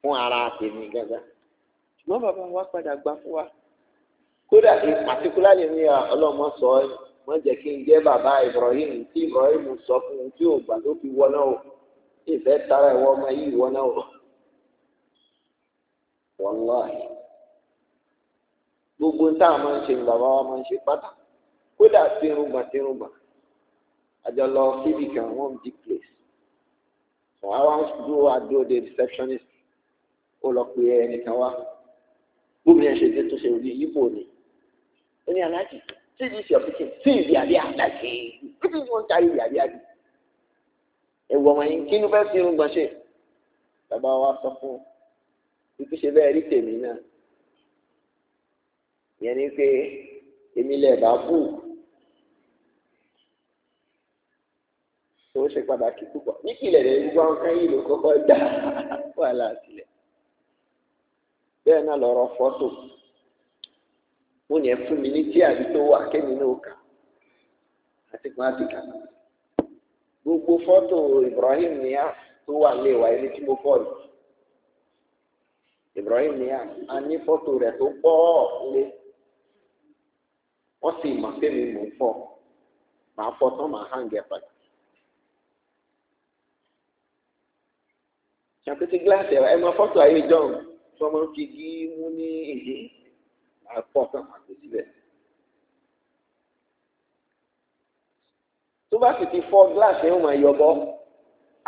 fún ara tèmi gángan ṣùgbọ́n bàbá wa padà gbà fún wa kódà ní pàtíkúlárì ní ọlọ́mọ sọ ẹ wọ́n jẹ́ kí n jẹ́ bàbá Ibrahim tí Ibrahim sọ fún un tí ò gbà ló fi wọná o ìfẹ́ tara ìwọ ọmọ yìí wọná o wàláhì gbogbo ń tá a máa ń ṣe bàbá wa máa ń ṣe pátá kódà tìrùgbà tìrùgbà àjọ lọ síbi kan wọ́n di place wọ́n á wá dúró àdúró the receptionist ó lọ pe ẹnìkan wá bóbi yẹn ṣe dé tó ṣe rí yíbo ni ó ní aláàjì tí ìdí ìṣe ọ̀fíìsì tí ìdí àbí àdáṣe kíkí wọn kárí ìdí àbí àdì ẹ̀wọ̀n wọ̀nyí kí ni fẹ́ fi irun gbọ̀n ṣe bàbá wa sọ fún ikú ṣe bẹ́ẹ̀ rí tèmi náà ìyẹn ni pé èmi lẹ̀ bá bù tó ṣe pàtàkì púpọ̀ nípìnlẹ̀ rẹ̀ gbogbo àwọn kan yìí ló kọ́kọ́ dá wàhálà sílẹ̀ bẹ́ẹ̀ náà lọ́rọ̀ fọ́tò mo ní ẹ fún mi ní tí àbí tó wà kémi náà kà àti kan gbogbo fọ́tò Ibrahim níyà tó wà ní ìwà ilé tí mo fọ́ yìí Ibrahim níyà a ní fọ́tò rẹ̀ tó pọ̀ lé wọ́n sì mọ̀ kémi mò ń fọ́ màá fọ́ tán màá hàn gẹ̀ pàtàkì. ṣàpètì gíláàsì ẹ̀ ẹ̀ mọ fọ́tò ayé sọmọ ń fi gí mú ní èyí àpọ̀kan àti síbẹ̀. tó bá sì ti fọ́ gíláàsì ẹ̀ ń mọ̀ ẹ̀yọ́bọ́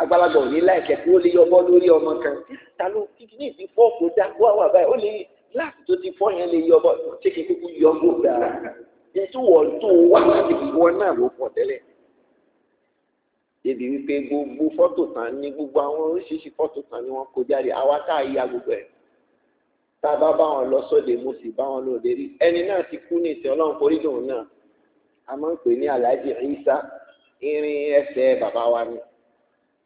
àgbàlagbà ò ní láìkẹ́ tí ó lè yọbọ́ lórí ọmọ kan ta ló kíkí ní ìdí fọ́ kó dá wà wà báyìí ó lè gíláàsì tó ti fọ́ yẹn lè yọbọ́ ṣé kí kúkú yọbọ́ dáa ètò tó wà láti ìwọ náà ló pọ̀ tẹ́lẹ̀ débi wípé gbogbo fọ́tò tán ní gbogbo àwọn oríṣiríṣi fọ́tò tán ni wọ́n kó jáde àwa tá a ya gbogbo ẹ̀ tá a bá bá wọn lọ sóde mo sì bá wọn lóde rí ẹni náà ti kú ní ìsìn ọlọ́run forí lòun náà a máa ń pè ní alhaji isa irin ẹsẹ̀ bàbá wa ni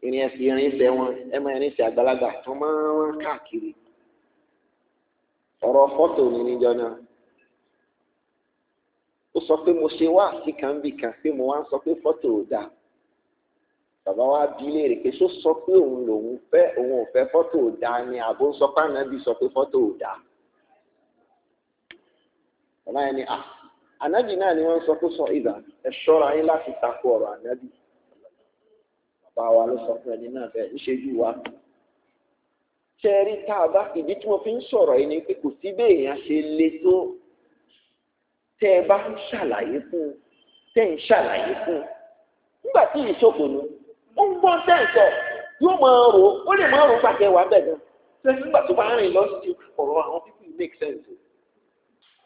irin ẹsẹ̀ irin ẹsẹ̀ wọn ẹ máa irin ẹsẹ̀ àgbàlagbà tó máa wọn káàkiri ọ̀rọ̀ fọ́tò mi níjọ náà ó sọ pé mo ṣe wá sí kan bí kan pé mo wá ń sọ pé fọ́tò ò dáa bàbá wa bí léèrè pé ṣó sọ pé òun lòun fẹ́ òun ò fẹ́ fọ́tò ò ni àbó sọ pé ànábì sọ pé fọ́tò ò dáa bàbá yẹn ni ah ànábì náà ni wọ́n sọ pé sọ ìgbà ẹ ṣọ́ra yín láti takò ọ̀rọ̀ ànábì bàbá wa ló sọ fún ẹni náà bẹ́ẹ̀ ń ṣojú wa ṣe rí tá a bá ìdí tí mo fi ń sọ̀rọ̀ yìí ni pé kò sí béèyàn ṣe le tó tẹ́ ẹ bá ń ṣàlàyé fún tẹ́ ń ṣàlàyé fún nígbà tí ìṣòkòlù ó ń gbọ́ sẹ́ǹsọ̀ yóò máa rò ó ó lè máa rò ó gbàgbé wà bẹ̀ gan sẹ́ǹsì nígbà tó bá rìn lọ sí ọ̀rọ̀ àwọn people make sense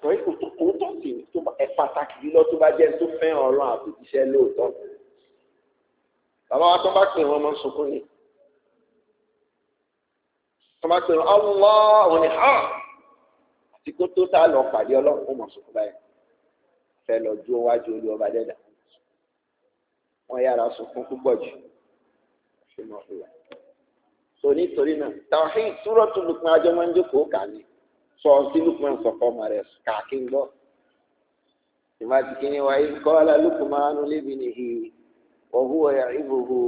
rẹ̀ òótọ́ sì ni tó bá ẹ pàtàkì lílọ tó bá jẹ́ tó fẹ́ràn ọ̀rọ̀ àbòjíṣẹ́ lóòótọ́ bàbá wa tó bá pè wọ́n máa ń sunkún ni tó bá pè wọ́n ọlọ́ òun ni ha àti kó tó tá lọ pàdé ọlọ́run ó máa sunkún báyìí fẹ́ lọ ju ọwájú olú ọba dẹ́dà wọ́n yára sunkún púpọ̀ jù rahimahullah so nítorí náà tawhid súrọ́tù lukman ajọ́ máa ń jókòó kà ní sọ sí lukman sọ̀kọ́ ọmọ rẹ̀ kàkí ń gbọ́ ìmáàtì kìíní wa idh qala lukmanu libnihi wa huwa ya'ibuhu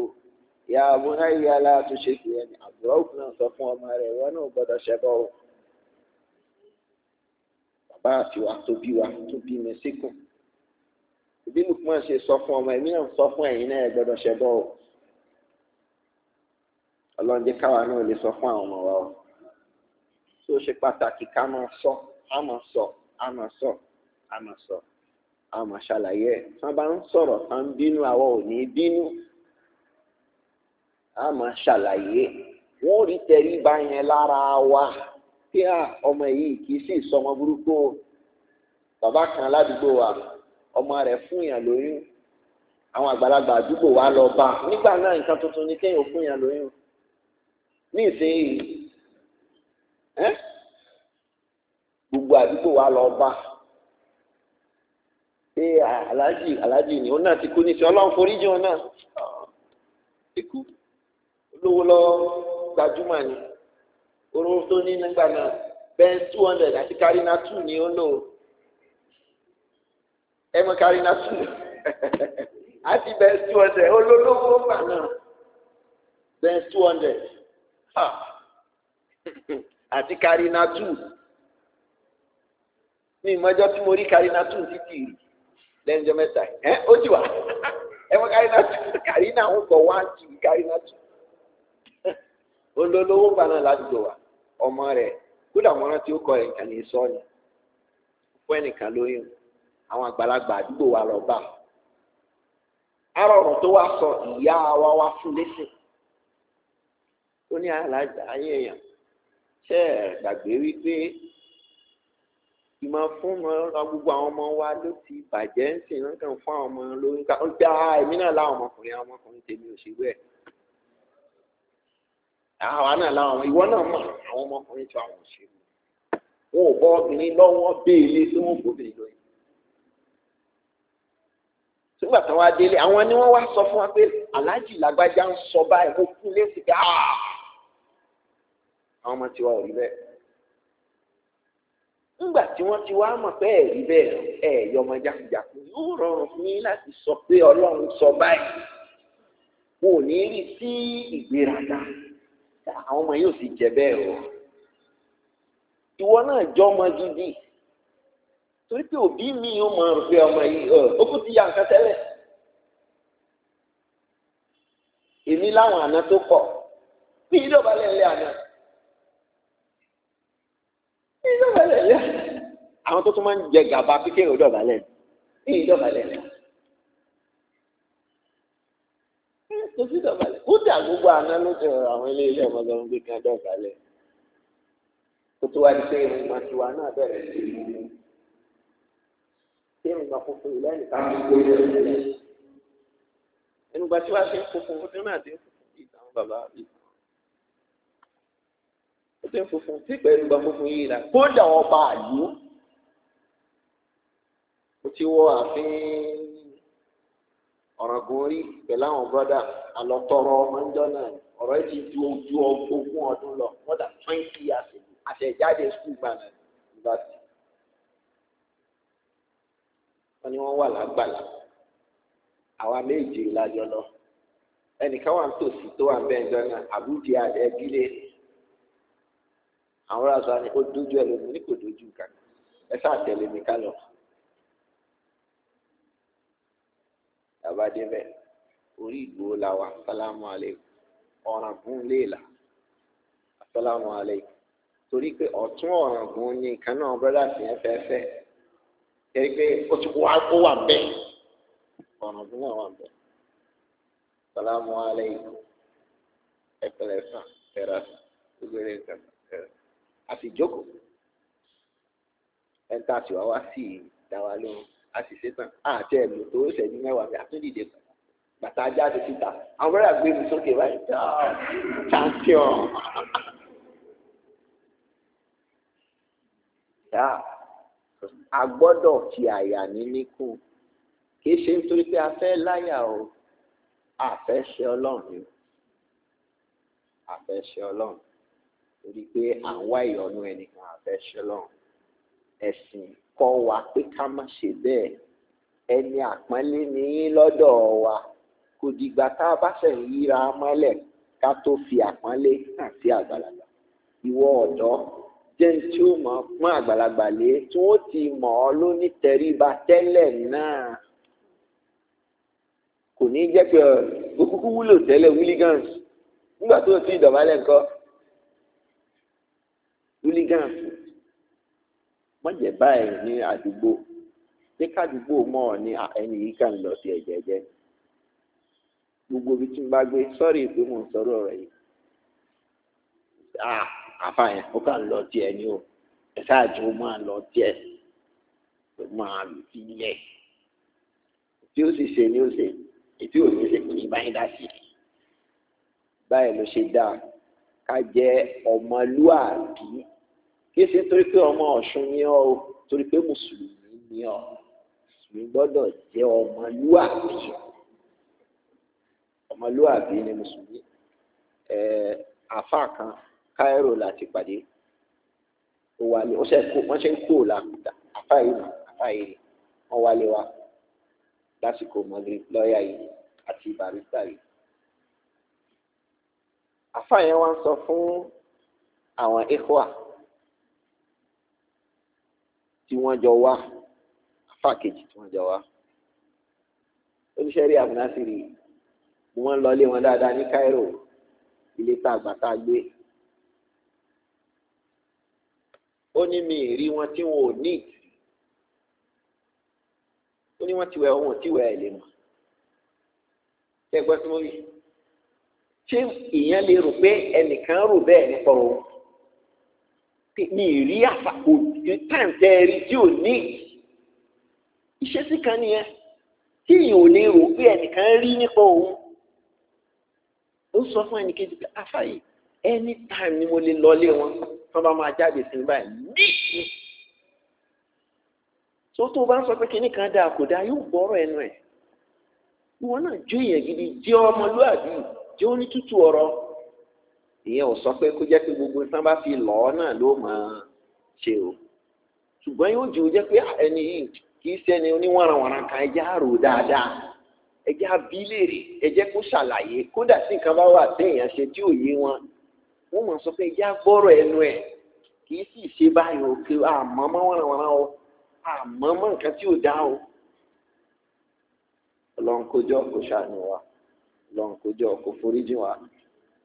ya bunayya la tushrik yani Abdulrauf náà sọ fún ọmọ rẹ̀ wọn náà gbọ́dọ̀ ṣẹbọ o bàbá àti lukman ṣe sọ fún ọmọ ẹ̀mí náà sọ ọlọ́run jẹ́ káwa náà lè sọ fún àwọn ọmọ wa o tó ṣe pàtàkì ká máa sọ á máa sọ á máa sọ á máa sọ á máa ṣàlàyé ẹ̀ tí wọ́n bá ń sọ̀rọ̀ tá ń bínú àwọn ò ní bínú á máa ṣàlàyé wọ́n rí tẹ̀rí bá yẹn lára wa kí á ọmọ yìí kì í sì sọmọ burúkú bàbá kan ládùúgbò wa ọmọ rẹ̀ fún yàn lóyún àwọn àgbàlagbà àdúgbò wa lọ bá nígbà náà nǹkan tuntun ni kéèyàn fún yàn lóyún ní ìsinyìí ẹ gbogbo àdúgbò wa lọ bá ṣé aláàjì aláàjì ni òun náà ti kú níṣẹ́ ọlọ́run foríjì òun náà ti kú olówó lọ gbajúmọ̀ ni oró tó ní nígbà náà bẹ́ẹ̀ two hundred àti karina two ni ó lò ẹ mọ karina two àti bẹ́ẹ̀ two hundred olólówó gbà náà bẹ́ẹ̀ two hundred. àti karina two ní ìmọ̀jọ́ tí mo rí karina two títì rí lẹ́njọ́ mẹ́ta ẹ̀ ó jù wá ẹ karina two karina ń bọ̀ wá tù karina olólówó gbà náà wa ọmọ rẹ̀ kódà mọ́ra tí ó kọ ẹ̀ ní sọ ni wa lọ bá sọ ìyá wa wá fún ó ní aláàjà ayé èèyàn ṣe é gbàgbé wípé ìmọ̀ fún ọmọ gbogbo àwọn ọmọ wa ló ti bàjẹ́ ń sìn ń kàn fún àwọn ọmọ lórí ká ó gbé ara ah, èmi náà láwọn ọmọkùnrin àwọn ọmọkùnrin tèmi ò ṣe bẹ́ẹ̀ àwa náà láwọn ìwọ náà mọ̀ àwọn ọmọkùnrin tí àwọn ò ṣe bẹ́ẹ̀ wọn ò bọ́ obìnrin lọ́wọ́ béèlé tí wọ́n gbóbìnrin lóyún nígbà tí wọ́n á àwọn ni wọ́n wá sọ fún wa pé aláàjì làgbájá ń sọ báyìí ó kú lé sí ká áà. àwọn ọmọ tiwa ò rí bẹ́ẹ̀ ńgbà tí wọ́n ti wá mọ̀ pé rí bẹ́ẹ̀ ẹ̀ yọ ọmọ yóò rọrùn fún yín láti sọ pé ọlọ́run sọ báyìí kò ní rí sí ìgbéraga àwọn ọmọ yóò sì jẹ bẹ́ẹ̀ o ìwọ náà jọ ọmọ gidi torí pé òbí mi ò mọ pé ọmọ yìí ó kú ti ya nǹkan tẹlẹ. èmi láwọn àna tó pọ̀ bí ọba àná. àwọn tó tún máa ń jẹ gàba kékeré dọ̀bálẹ̀ ní ìdọ̀bálẹ̀ náà kò sí dọ̀bálẹ̀ kódà gbogbo àná ló ti rọrọ àwọn ilé ilé ọmọdé ọmọdé kan dọ̀bálẹ̀ kó tó wá di pé irun máa ti wá náà bẹ̀rẹ̀ sí irun máa kókó ilé ẹnìkan tó kó ilé ẹnìkan ẹnìgbà tí wàá ṣe ń kókó ọdún náà ti ń kókó ìtàn bàbá ìtàn jẹ́ funfun tí pẹ̀lú ìgbà funfun yìí là kódà ọba àlú mo ti wọ ààfin ọ̀ràngún rí pẹ̀lú àwọn bọ́dà àlọ́tọ́rọ́ mọ́jọ́ náà ọ̀rọ̀ yìí ti ju ojú ogún ọdún lọ more than twenty years àtẹ̀jáde school gbàgbà university wọ́n ní wọ́n wà lágbàlá àwa méje lájọ lọ ẹnìkan wà ń tòsí tó wà ń bẹ́ẹ̀ jọ àbújá ẹbí àwọn ará sọ ni ó dojú ẹ lónìí ní kò dojú kan ẹ sáà tẹ̀lé mi ká lọ. bàbá débẹ̀ orí ìgbòho la wà sálámù aleykum ọ̀ràn gún léèlà sálámù aleykum torí pé ọ̀tún ọ̀ràn gún ní nǹkan náà brọ́dà sì yẹn fẹ́ẹ́fẹ́ torí pé ó ti wá ó wà bẹ́ẹ̀ ọ̀ràn gún náà wà bẹ́ẹ̀ sálámù aleykum ẹ̀pẹ̀lẹ̀ sàn tẹ̀ra gbogbo eré ìtàn a sì jókòó ẹ̀ńtà sì wá wá sí ìdáwà lóhun a sì ṣetán àti ẹ̀lò tó ṣẹ̀jú mẹ́wàá bí àtúndìde bàtà jáde síta àwọn mẹ́rà gbé mi sókè báyìí champion. a gbọ́dọ̀ fi àyà níní kù kì ṣe nítorí pé a fẹ́ láyà o a fẹ́ ṣe ọlọ́run a fẹ́ ṣe ọlọ́run torí pé à ń wá ìyọnu ẹnìkan àfẹ́ ṣẹlọ́n ẹ̀sìn kọ́ wa pé ká má ṣe bẹ́ẹ̀ ẹni àpọ́nlé ni yín lọ́dọ̀ wa kò dìgbà tá a bá ṣẹ̀ ń yíra mọ́lẹ̀ ká tó fi àpọ́nlé hàn sí àgbàlagbà ìwọ ọ̀dọ́ jẹ́ tí ó mọ̀ pọ́n àgbàlagbà lé tí wọ́n ti mọ̀ ọ́ lónítẹríba tẹ́lẹ̀ náà kò ní jẹ́ pé òkúkú wúlò tẹ́lẹ̀ wílígànsì nígbà tó o ti dọ̀bálẹ̀ nǹkan gan wọ́n jẹ́ báyìí ní àdúgbò pé kádùúgbò mọ́ ọ ní ẹni yìí kàn lọ sí ẹ̀jẹ̀ jẹ́ gbogbo ibi tí mo bá gbé sọ́ọ̀rì pé mo ń sọ̀rọ̀ rẹ̀ yìí àfààyàn ó kàn lọ tiẹ̀ ni o ẹ̀ ṣáàjú ó máa lọ tiẹ̀ ó máa lù sílẹ̀ tí ó sì ṣe ni ó ṣe ètí ò ní ṣe kò ní báyìí dá sí i báyìí ló ṣe dáa ká jẹ́ ọmọlúwàbí kì í ṣe nítorí pé ọmọ ọ̀ṣun ni ọ o torí pé mùsùlùmí ni ọ mùsùlùmí gbọ́dọ̀ jẹ́ ọmọlúwàbí ọmọlúwàbí ni mùsùlùmí àáfàá kan káírò láti pàdé ó wálé ó ṣe kó wọ́n ṣe ń kó làkúta àáfàá yìí àáfàá yìí wọ́n wálé wa lásìkò mọ́lẹ́ lọ́ọ̀yà yìí àti barista yìí àáfàá yẹn wá ń sọ fún àwọn ikhwa tí wọ́n jọ wá àfà kejì tí wọ́n jọ wá oníṣẹ́rí àfúnásìrì wọ́n lọlé wọn dáadáa ní Cairo ilé tá àgbà tá a gbé ó ní mi rí wọn tí wọn ò ní ìtì ó ní wọn ti wẹ wọn ẹ lè mọ ṣé gbọ́ sí mo rí ṣé ìyẹn lè rò pé ẹnìkan rò bẹ́ẹ̀ nípa òun. mi ì àfà kò tàǹtẹ̀ tí ò ní ìṣesí kan nìyẹn tí èèyàn ò lè rò pé ẹnìkan rí nípa òun ó sọ fún ẹnìkejì pé ni mo lè lọlé wọn wọn bá máa jáde sí báyìí so tó tó bá ń sọ pé kinní kan dáa kò dáa yóò gbọ́rọ̀ ẹnu ẹ̀ ìwọ náà jó èèyàn gidi jẹ́ ọmọlúwàbí jẹ́ onítútù ọ̀rọ̀. ìyẹn ò sọ pé kó jẹ́ pé gbogbo tán bá fi lọ́ náà ló máa ṣe o ṣùgbọ́n yóò jù ú jẹ́ pé ah, ẹni yìí kìí í ẹni kan ẹjẹ́ àrò dáadáa ẹjẹ́ abílèrè ẹjẹ́ kó ṣàlàyé kódà sí nǹkan bá wà téèyàn ṣe tí ò wọn wọ́n mọ̀ sọ pé ẹjẹ́ agbọ́rọ̀ ẹnu ẹ̀ sì ṣe báyìí o kí àmọ́ mọ́ o àmọ́ mọ́ nǹkan tí ò dá o kò ṣàánú wa kò foríjì wa.